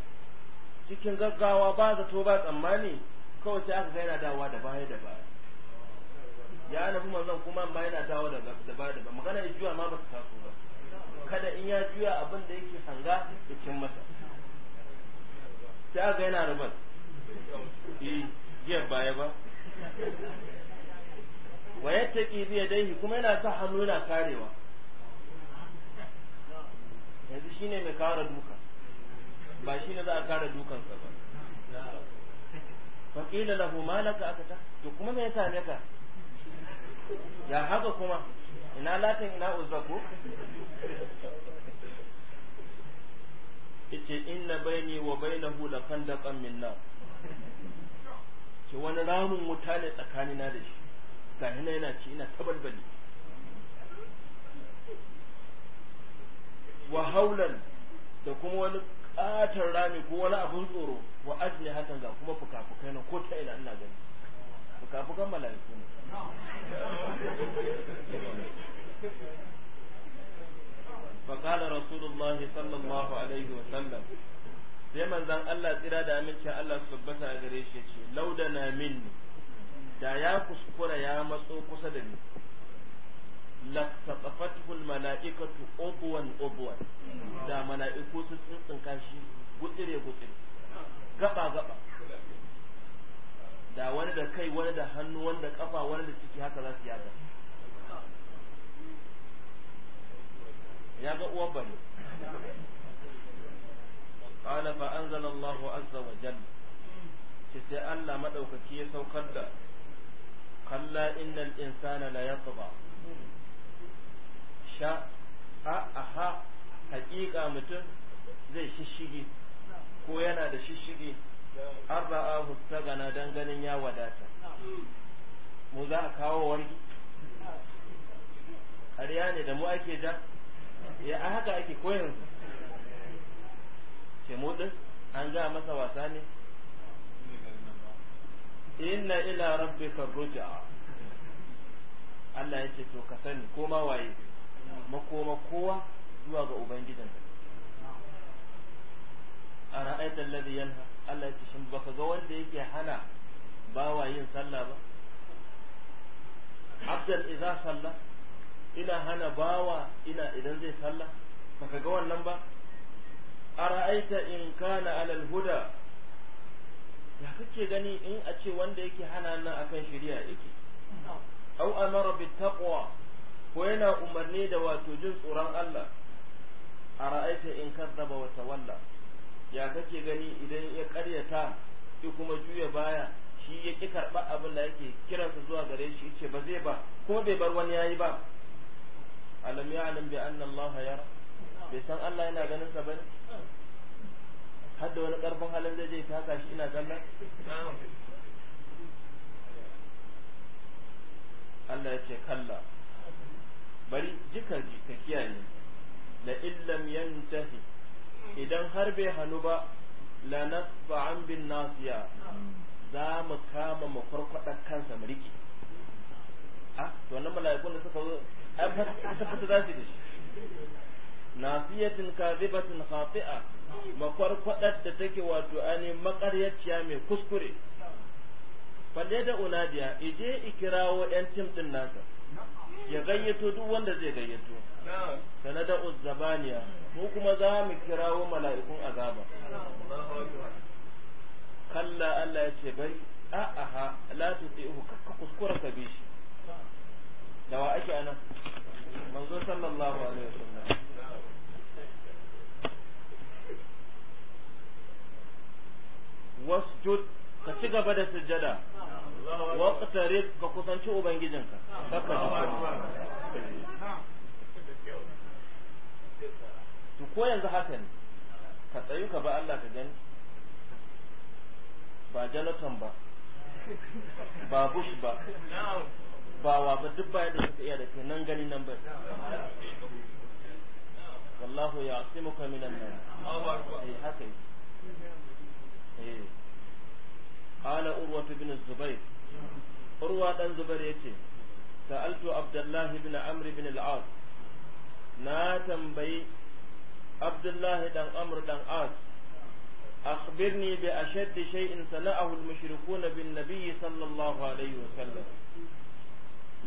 cikin gaggawa ba zato ba tsammani kawai sai aka ga yana dawa da baya da baya ya nabi manzon kuma ma yana dawo da daba da magana ya juya ma ba ta taso ba kada in ya juya abin da yake hanga da cin masa sai ga yana rubar eh jiya baya ba wa yattaqi bi yadayhi kuma yana sa hannu yana karewa yanzu shine mai kara duka ba shine za a kara dukansa ba fa qila lahu malaka akata to kuma me yasa ne ka ya haka kuma ina latin ina uzza ko yace inna baini wa bainahu la kandaqan min nar ce wani ramin wuta ne tsakanina da shi ga hina yana ci ina tabalbali wa haulan da kuma wani katon rami ko wani abun tsoro wa ajni hatan ga kuma fuka-fukai na ko ta ina ina gani fukafukan mala'iku ne فقال رسول الله صلى الله عليه وسلم sai manzon Allah tsira da aminci Allah su tabbata a gare shi ce laudana minni da ya kuskura ya matso kusa da ni laqtaqafathu almala'ikatu ubwan ubwan da mala'iku su tsinka shi gutsire gutsire gaba gaba da wani da kai wani da hannu wani da kafa wani da ciki haka za su yaga yaga uwar bari qala fa anzala Allah azza wa jalla ce sai Allah madaukaki ya saukar da kalla innal insana la yatgha sha a aha hakika mutum zai shishige ko yana da shishige. an ra'ahu tagana dan ganin ya wadata mu za a kawo wargi ƙarya ne da mu ake ja ya a haka ake koyar ce mu an ga masa wasa ne inna ila rabbika ruj'a Allah ya ce to ka sani koma waye makoma kowa zuwa ga ubangijinka a ra'aita alladhi yanha Allah ya ce shin baka ga wanda yake hana bawa yin sallah ba abdan idza salla ina hana bawa ina idan zai sallah baka ga wannan ba ara'aita in kana alal huda ya kake gani in a ce wanda yake hana nan akan shari'a yake au amara bit taqwa ko yana umarni da wato jin tsoron Allah ara'aita in kazzaba wa tawalla ya kake gani idan ya karyata shi kuma juya baya shi ya ki karɓa abin da yake kiransa zuwa gare shi ce ba zai ba ko bai bar wani yayi ba alam ya alam bi anna Allah yara bai san Allah yana ganin sa bane har da wani karfin halin zai je taka shi ina kallon Allah ya ce kalla bari jikar ji ka kiyaye la illam yantahi idan har bai hannu ba an bin nasiya za mu kama mu farkwada kansa mu riki a to nan mala'ikun da suka zo ai fata za su da shi nasiyatin kadhibatin khati'a makwarkwadar da take wato ani makaryaciya mai kuskure falle da unadiya ije ikirawo yan tim din nasa ya gayyato duk wanda zai gayyato na da uzzabaniya mu kuma za mu kirawo mala'ikun azaba kalla Allah ya ce bai a aha la tuti'uhu kakka kuskura ka bi shi da wa ake anan manzo sallallahu alaihi wasallam wasjud ka ci gaba da sujjada waqtarib ka kusanci ubangijinka to ko yanzu haka ne ka tsayu ka ba Allah ka gani ba Jonathan ba ba Bush ba ba wa ba duk ba yadda suka iya da kai nan gani nan ba wallahu ya ya'simuka minan nas eh haka eh قال أروة بن الزبير urwa dan ya ce sa'altu Abdullahi bin amr bin al-as na tambayi Abdullahi dan amr dan as akhbirni bi ashaddi shay'in sana'ahu al-mushrikun bin nabiy sallallahu alaihi wa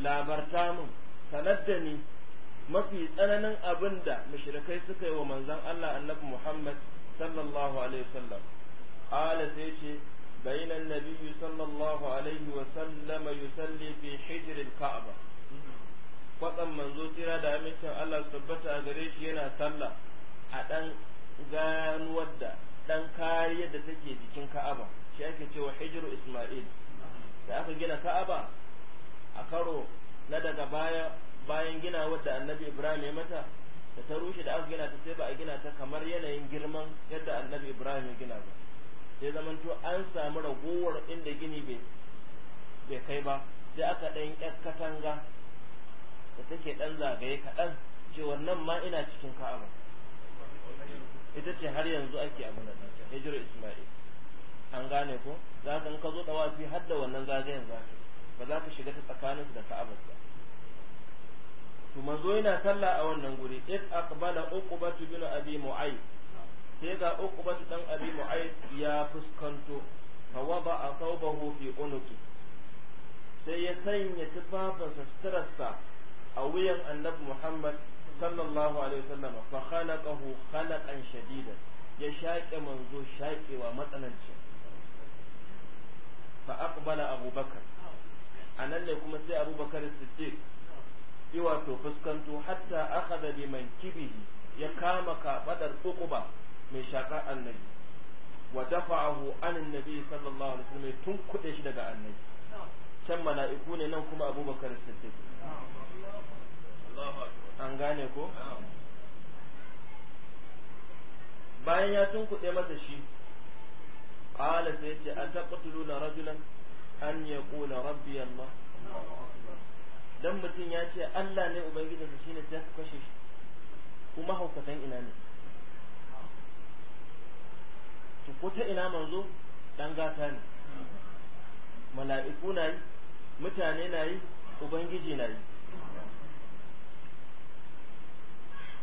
labarta mun sanar da ni mafi tsananin abin da mushrikai suka yi wa manzon Allah annabi Muhammad sallallahu alaihi wasallam ala sai ce بين النبي صلى الله عليه وسلم يصلي في حجر الكعبة kwatsan manzo tsira da amincin Allah su tabbata a gare shi yana sallah a ɗan ganuwar da ɗan kariyar da take jikin Ka'aba shi ake cewa hijiru Ismail da aka gina Ka'aba a karo na daga baya bayan gina wadda Annabi Ibrahim ya mata da ta rushe da aka gina ta sai ba a gina ta kamar yanayin girman yadda Annabi Ibrahim ya gina ba sai zamanto an samu ragowar inda gini bai kai ba sai aka ɗan ƴar katanga da take ɗan zagaye kaɗan cewar nan ma ina cikin ka'aba ita ce har yanzu ake abu na hijira isma'il an gane ko za ka ka zo dawafi har da wannan zagayen za ka ba za ka shiga ta tsakaninsu da ka'aba ba to manzo yana sallah a wannan guri id aqbala uqbatu bin abi mu'ayth sai ga ba dan abi mu'ayyid ya fuskanto fa wada thawbahu fi unuki sai ya sanya tufafinsa suturarsa a wuyan annabi muhammad sallallahu alaihi wasallam fa khalaqahu khalaqan shadidan ya shaƙe manzo shaƙewa matsananci fa aqbala abubakar anan ne kuma sai abubakar siddiq yi wato fuskanto hatta akhadha bi mankibihi ya kama kafadar uquba mai shakar annabi wa dafa'ahu anin nabi sallallahu alaihi wasallam tun kuɗe shi daga annabi can mala'iku ne nan kuma abubakar siddiq an gane ko bayan ya tun kuɗe masa shi qala sai ce an taqtuluna rajulan an yaqula rabbi allah dan mutum ya ce Allah ne ubangijinsa shine sai ka kashe shi kuma haukatan ina ne to ko ta ina manzo dan gata ne mala'iku na yi mutane na yi ubangiji na yi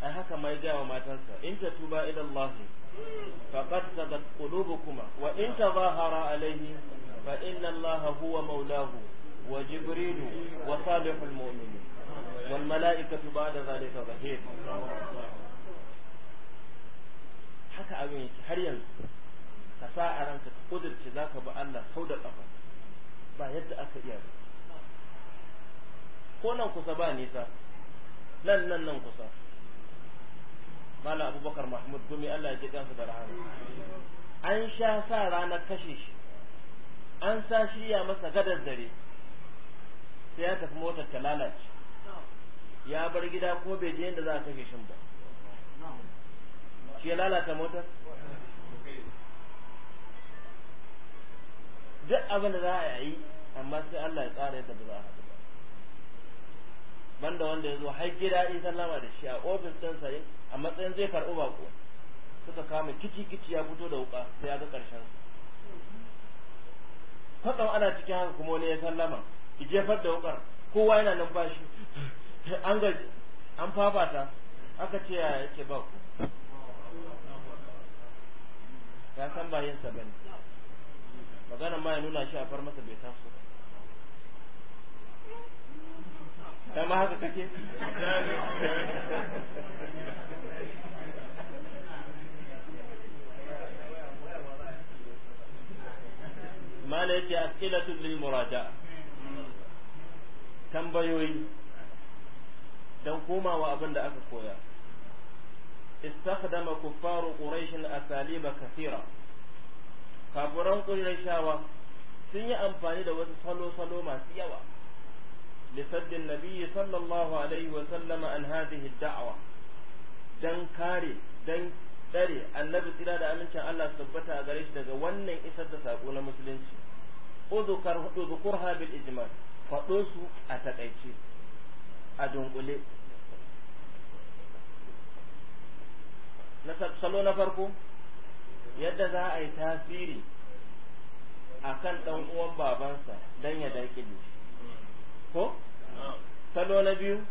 haka mai gaya wa matansa in ta tuba ila Allah qad sadat qulubukuma wa in tazahara alayhi fa inna Allah huwa mawlahu wa jibril wa salihul mu'minin wal mala'ikatu ba'da zalika zahir haka abin har yanzu ka sa a ranka ka kudurce za ka bi Allah sau da ƙafa ba yadda aka iya ba ko nan kusa ba nisa nan nan nan kusa mala abubakar mahmud gumi Allah ya ji kansa da rahama an sha sa ranar kashe shi an sa shirya masa gadar dare sai ya tafi motar ta lalace ya bar gida ko bai je yadda za a kashe shi ba shi ya lalata motar duk abin da za a yi amma sai Allah ya tsara yadda ba za a haɗu ba banda wanda ya zo har gida in sallama da shi a ofis ɗin sai a matsayin zai karɓi bako suka kama kici kici ya fito da wuka sai ya ga ƙarshen su kwatsam ana cikin haka kuma wani ya sallama ki jefar da wukar kowa yana numfashi an ga an fafata aka ce ya yake ba ku ya san bayan sabani magana ma ya nuna shi a far masa bai taso ta ma haka kake mala yace as'ilatul lil muraja tambayoyi dan komawa abin da aka koya istakhdama kuffaru quraish asaliba kathira kafuran shawa sun yi amfani da wasu salo-salo masu yawa lisaddin nabiyyi sallallahu alaihi wa sallama an hadhihi da'wa dan kare dan tsare annabi tsira da amincin Allah su tabbata a gare shi daga wannan isar da sako na musulunci udhkar udhkurha bil ijmal fado su a takaice a dunkule na salo na farko yadda za a yi tasiri a kan ɗan uwan babansa don ya daƙile ko salo na biyu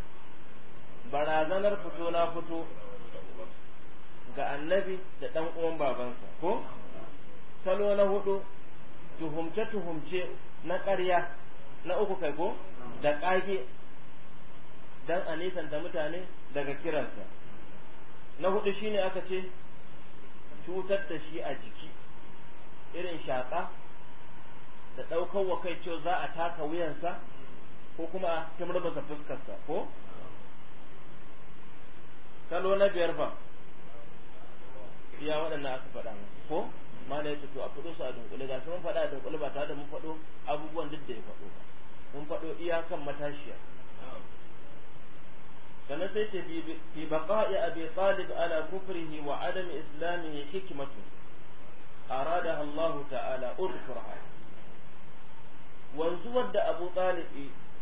barazanar fito na fito ga annabi da ɗan uwan babansa ko salo na hudu tuhumce-tuhumce na ƙarya na uku kai ko da ƙage don a nisanta mutane daga kiransa na hudu shine aka ce cutar da shi a jiki irin shaƙa da ɗaukar wa kai cewa za a taka wuyansa ko kuma a tumurmasa fuskarsa ko kalo na biyar ba iya waɗannan aka faɗa ko ma da to a faɗo su a dunkule ga su mun faɗa a dunkule ba tare da mun faɗo abubuwan duk da ya faɗo ba mun faɗo iyakan matashiya kana sai ce fi baqa'i abi talib ala kufrihi wa adam islamihi hikmatu arada Allah ta'ala urfurha wanzu wadda abu talib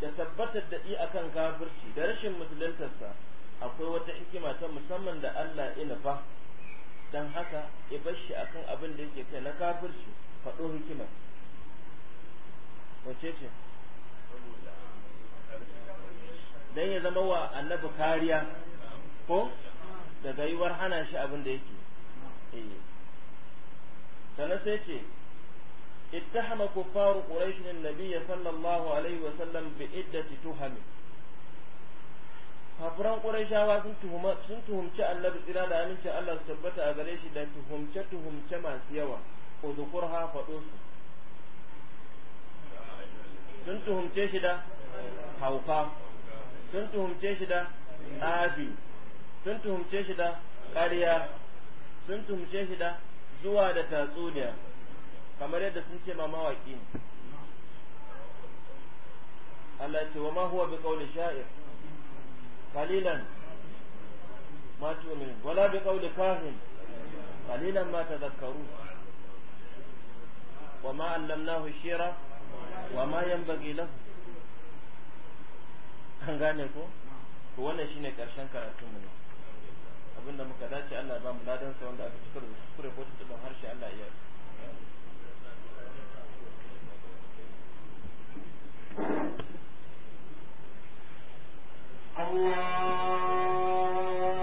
da tabbatar da i akan kafirci da rashin musuluntarsa akwai wata hikima ta musamman da Allah ina ba dan haka ya bar shi akan abin da yake kai na kafirci faɗo hikima wace ce dan ya zama wa annabi kariya ko daga gaiwar hana shi abin da yake eh. sannan sai ce اتهم كفار قريش النبي صلى الله عليه وسلم بعدة تهم kafiran ƙurashawa sun tuhumci annabi tsira da aminci Allah su tabbata a gare shi da tuhumce tuhumce masu yawa uzukur ha faɗo su sun tuhumce shi da hauka sun tuhumce shi da tsafi sun tuhumce shi da ƙarya sun tuhumce shi da zuwa da tatsuniya kamar yadda sun ce ma mawaƙi Allah ce wa ma huwa bi qawli sha'ir qalilan ma tu'minun wala bi qawli kahin qalilan ma tadhakkaru wa ma allamnahu shira wa ma yanbaghi lahu an gane ko to wannan shine karshen karatun mu ne abinda muka dace Allah ba mu ladan sa wanda aka cikar da kure ko tuntuban harshe Allah ya Allah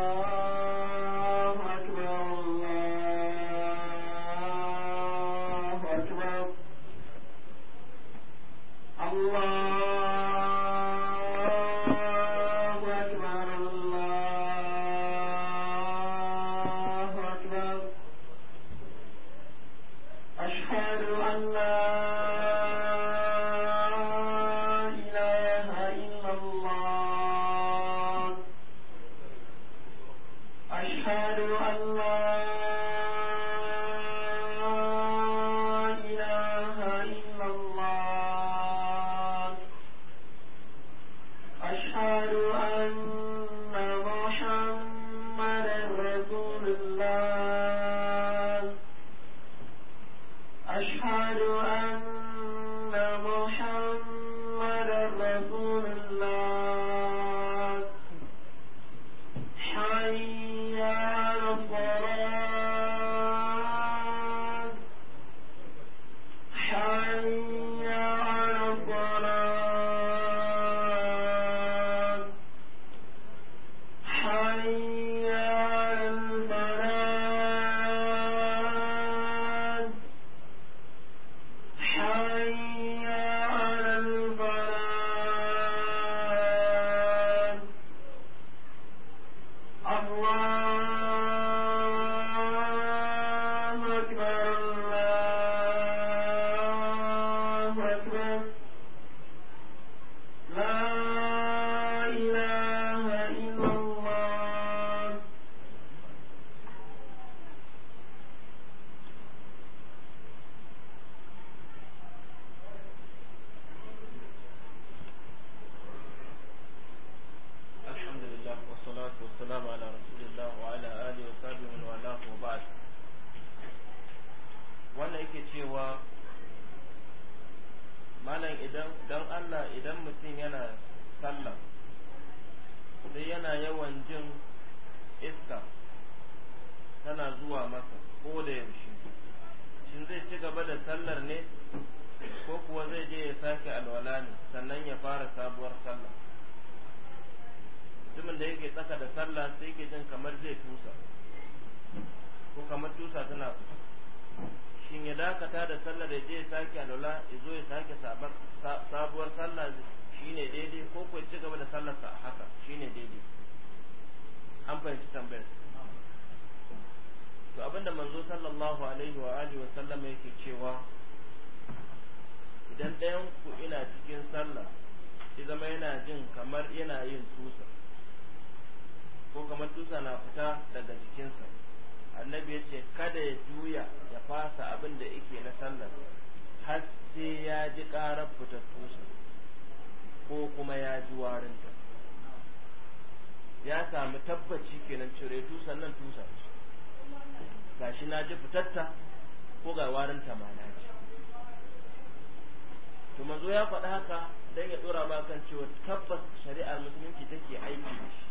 dakata da sallar ya je ya sake alwala ya zo ya sake sabuwar sallah shine daidai ko ko ci gaba da sallarsa haka shine daidai an fahimci tambayar to abinda manzo sallallahu alaihi wa alihi wa sallam yake cewa idan ɗayan ku ina cikin sallah shi zama yana jin kamar yana yin tusa ko kamar tusa na fita daga jikinsa annabi ya ce kada ya juya ya fasa abin da yake na sallar har sai ya ji ƙarar fitar tusa ko kuma ya ji warinta ya sami tabbaci kenan cire tusan nan tusa gashi na ji fitatta ko ga warinta ma na ji to manzo ya faɗi haka don ya ɗora ba kan cewa tabbas shari'ar musulunci take aiki da shi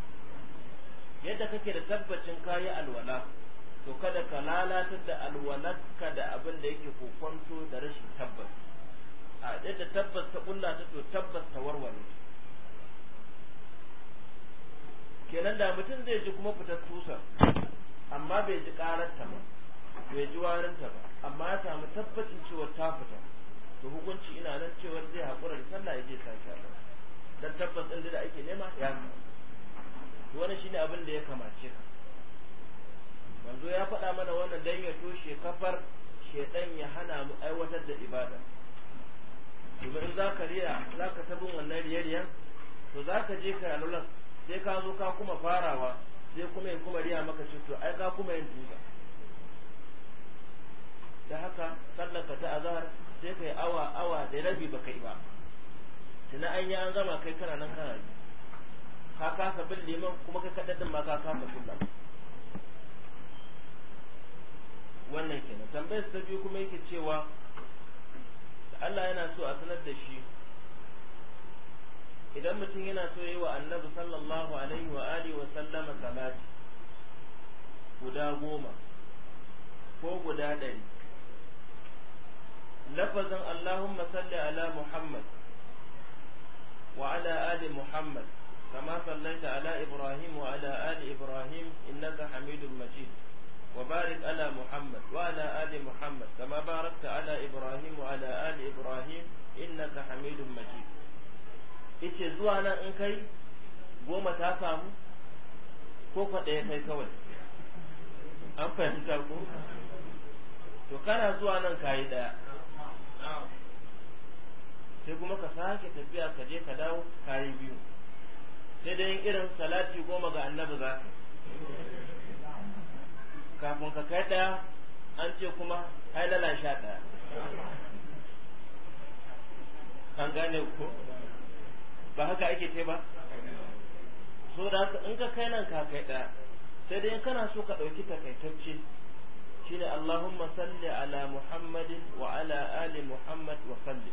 yadda kake da tabbacin kayi alwala to kada ka lalatar da alwalarka da abin da yake kokonto da rashin tabbas a yadda tabbas ta kulla ta to tabbas ta warware kenan da mutum zai ji kuma fitar tusar amma bai ji ta ba bai ji warinta ba amma ya samu tabbacin cewa ta fita to hukunci ina nan cewar zai haƙura da sallah ya je sake Allah dan tabbas din da ake nema ya samu wannan shine abin da ya kamace ka manzo ya faɗa mana wannan dan ya toshe kafar shedan ya hana mu aiwatar da ibada domin in zaka riya zaka tabin wannan riyariyan to zaka je ka alulan sai ka zo ka kuma farawa sai kuma in kuma riya maka to ai ka kuma yin tuka da haka sallaka ta azhar sai kai awa awa da rabi baka yi ba tuna an yi an gama kai kana nan kana ka bin liman kuma ka kaɗaɗin ma ka kasa kullum wannan kenan tambayar ta biyu kuma yake cewa Allah yana so a sanar da shi idan mutum yana so yi wa annabi sallallahu alaihi wa alihi wa sallama salati guda goma ko guda ɗari lafazin Allahumma salli ala Muhammad wa ala ali Muhammad kama sallaita ala Ibrahim wa ala ali Ibrahim innaka Hamidul Majid وبارك على محمد وعلى آل محمد كما باركت على إبراهيم وعلى آل إبراهيم إنك حميد مجيد ice zuwa nan in kai goma ta samu ko kwa kai kawai an fahimta ko to kana zuwa nan kayi ɗaya sai kuma ka sake tafiya ka je ka dawo kayi biyu sai dai irin salati goma ga annabi za ka kafin ka kai ɗaya an ce kuma halalan sha ɗaya an gane ku ba haka ake ce ba so da haka in ka kai nan ka kai ɗaya sai dai kana so ka ɗauki takaitacce shine Allahumma salli ala Muhammadin wa ala ali Muhammad wa salli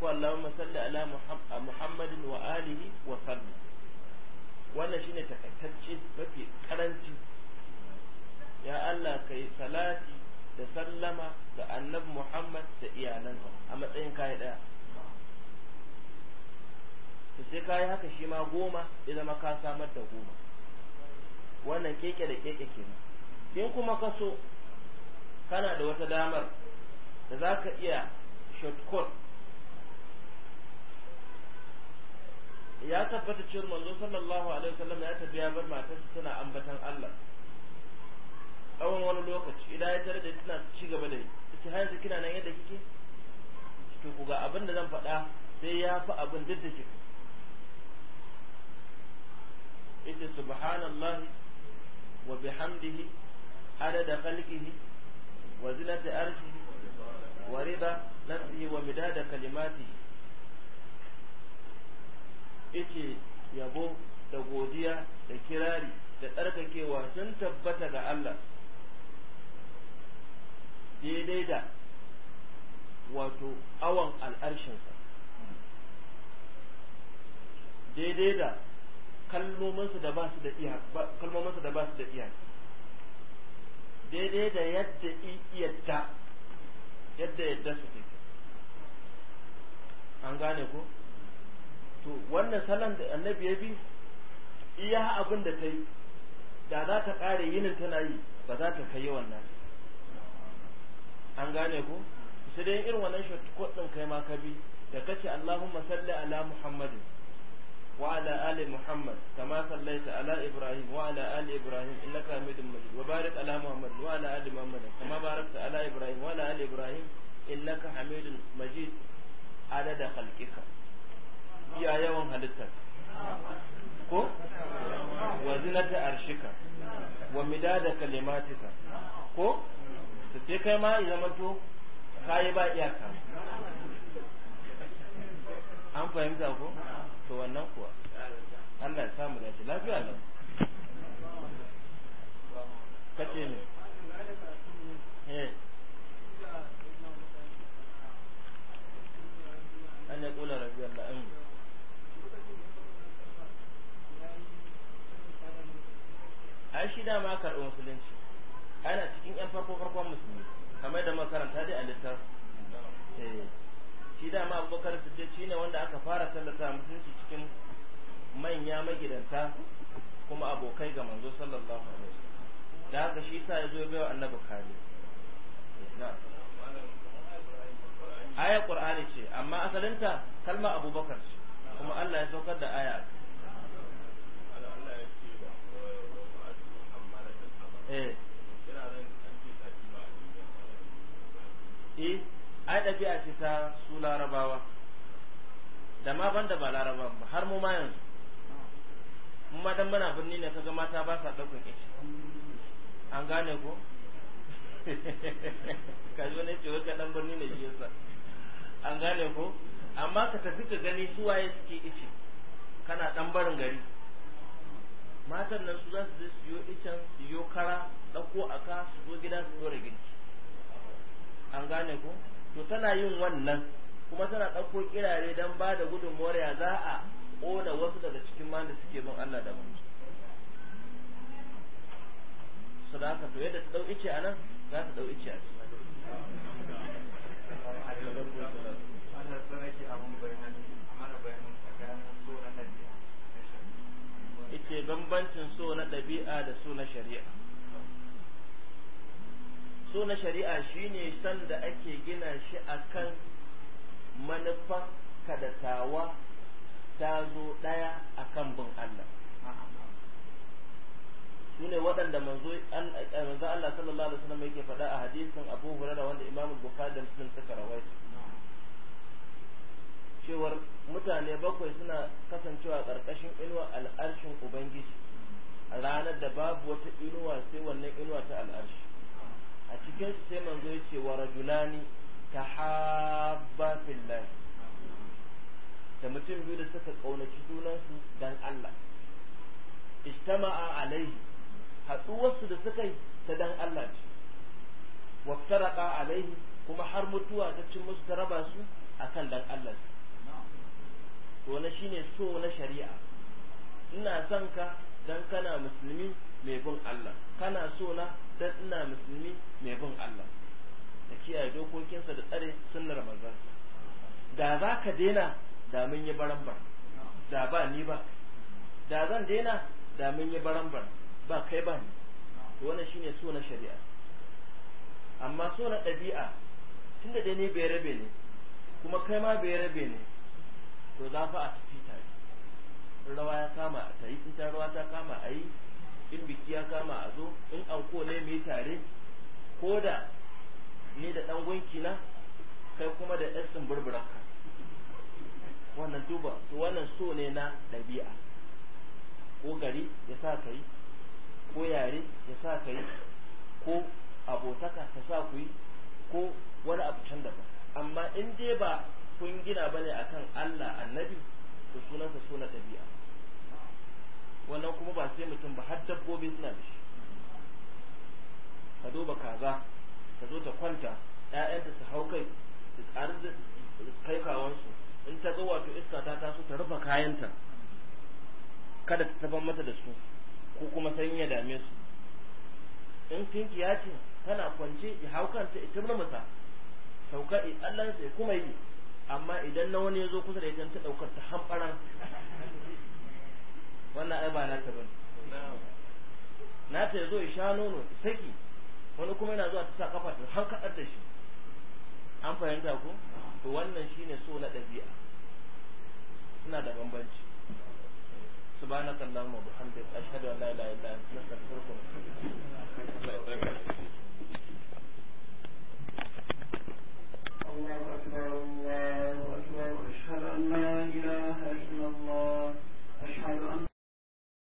ko Allahumma salli ala Muhammadin wa alihi wa salli wannan shine takaitacce mafi karanci ya Allah kai salati da sallama ga annabi Muhammad da iyalansa a matsayin kai ɗaya. to sai kai haka shi ma goma ya zama ka samar da goma wannan keke da keke kenan in kuma ka so kana da wata damar da za ka iya shortcut ya tabbata cewa manzo sallallahu alaihi wasallam ya tabbata bar matarsa tana ambatan Allah tsawon wani lokaci idan ya tare da tana ci gaba da yi ita har yanzu kina nan yadda kike to ku ga abin da zan faɗa sai ya fi abin duk da kike ita subhanallahi wa bihamdihi da khalqihi wa zinata arshi wa rida nafsihi wa midada kalimatihi ita yabo da godiya da kirari da tsarkakewa sun tabbata ga Allah daidai da wato awon al'arshinsa daidai da kalmominsa da ba su da iyaka daidai da yadda yadda yadda yadda su ke an gane ko to wannan salon da annabi ya bi iya abin da ta yi da za ta ƙare yinin tana yi ba za ta kai wannan an gane ku sai dai irin wannan shortcut din kai ma ka bi da kace Allahumma salli ala Muhammad wa ala ali Muhammad kama sallaita ala Ibrahim wa ala ali Ibrahim innaka Hamidum Majid wa barik ala Muhammad wa ala ali Muhammad kama barakta ala Ibrahim wa ala ali Ibrahim innaka Hamidum Majid adada khalqika iya yawan halittar ko wa zinata arshika wa midada kalimatika ko to sai kai ma ya zama to kayi ba iyaka an fahimta ko to wannan kuwa Allah ya samu dace lafiya nan kace ne eh an ya kula rabbi Allah an ai shi dama karɓi musulunci ana cikin yan farko farkon musulmi kamar da makaranta dai a littar eh, shi dama abubakar siddiq shi ne wanda aka fara sallata musulunci cikin manya magidanta kuma abokai ga manzo sallallahu alaihi wasallam da haka shi sa ya zo bai annabi kare eh, aya qur'ani ce amma asalinta kalma abubakar ce kuma Allah ya saukar da aya eh eh ai ɗabi'a ce ta su larabawa da ma banda ba larabawa ba har mu ma yanzu mu ma dan muna birni ne kaga mata ba sa ɗaukan ice an gane ko kaji wani ce ka dan birni ne shi yasa an gane ko amma ka tafi ka gani su waye suke ice kana dan barin gari matan nan su za su je su yo icen su yo kara ɗauko aka su zo gida su zo da girki an gane ku, to tana yin wannan kuma tana ɗauko kirare don ba da gudunmuwar ya za a ƙona wasu daga cikin ma da suke bin Allah da mutu su da haka to yadda ta ɗau ice a nan za ta ɗau ice a Ice bambancin so na ɗabi'a da so na shari'a. so na shari'a shine san da ake gina shi akan manufan kadatawa ta zo ɗaya akan bin Allah su ne waɗanda manzo Allah sallallahu alaihi wasallam yake faɗa a hadisin Abu Hurairah wanda Imam Bukhari da Muslim suka rawaita cewar mutane bakwai suna kasancewa ƙarƙashin inuwa al'arshin Ubangiji ranar da babu wata inuwa sai wannan inuwa ta al'arshi a cikin su sai manzo yace wa rajulani tahabba fillah da mutum biyu da suka kaunaci su dan Allah ijtama'a alaihi haɗuwarsu da suka yi ta dan Allah ce waftaraqa alaihi kuma har mutuwa ta cin musu ta raba su akan dan Allah to na shine so na shari'a ina son ka dan kana musulmi mai bin Allah kana so na dan ina musulmi mai bin Allah da kiyaye dokokinsa da tsare sunnar manzansa da za ka daina da mun yi barambar da ba ni ba da zan daina da mun yi barambar ba kai ba ni wannan shine so na shari'a amma so na ɗabi'a tunda da ni bai rabe ne kuma kai ma bai rabe ne to za fa a tafi tare rawa ya kama a tayi in ta rawa ta kama a yi in biki ya kama a zo in an ne mai tare ko da ni da dan gunki na kai kuma da yar burburan wannan duba wannan so ne na ɗabi'a ko gari ya sa ka yi ko yare ya sa ka yi ko abotaka ta sa ku yi ko wani abu can daban amma in dai ba kun gina bane akan Allah annabi to sunansa so na ɗabi'a wannan kuma ba sai mutum ba har dabbobi suna da shi ka duba kaza ta zo ta kwanta ƴaƴanta su hau kai su tsari da kai in ta zo wato iska ta taso ta rufe kayanta kada ta taban mata da su ko kuma sanyi ya dame su in tinki ya ce tana kwance ya hau kanta ya tumurmusa sauka ya tsallansa ya kuma yi amma idan na wani ya zo kusa da ita ta ɗaukar ta hamɓaran wannan ai ba naka bane na ya zo ya sha nono saki wani kuma yana zuwa ta sa kafa ta kadar da shi an fahimta ko to wannan shine so na ɗabi'a suna da bambanci subhanaka allahumma wa bihamdika ashhadu an la ilaha illa anta astaghfiruka wa الله أكبر الله أكبر أشهد أن لا إله إلا الله أشهد أن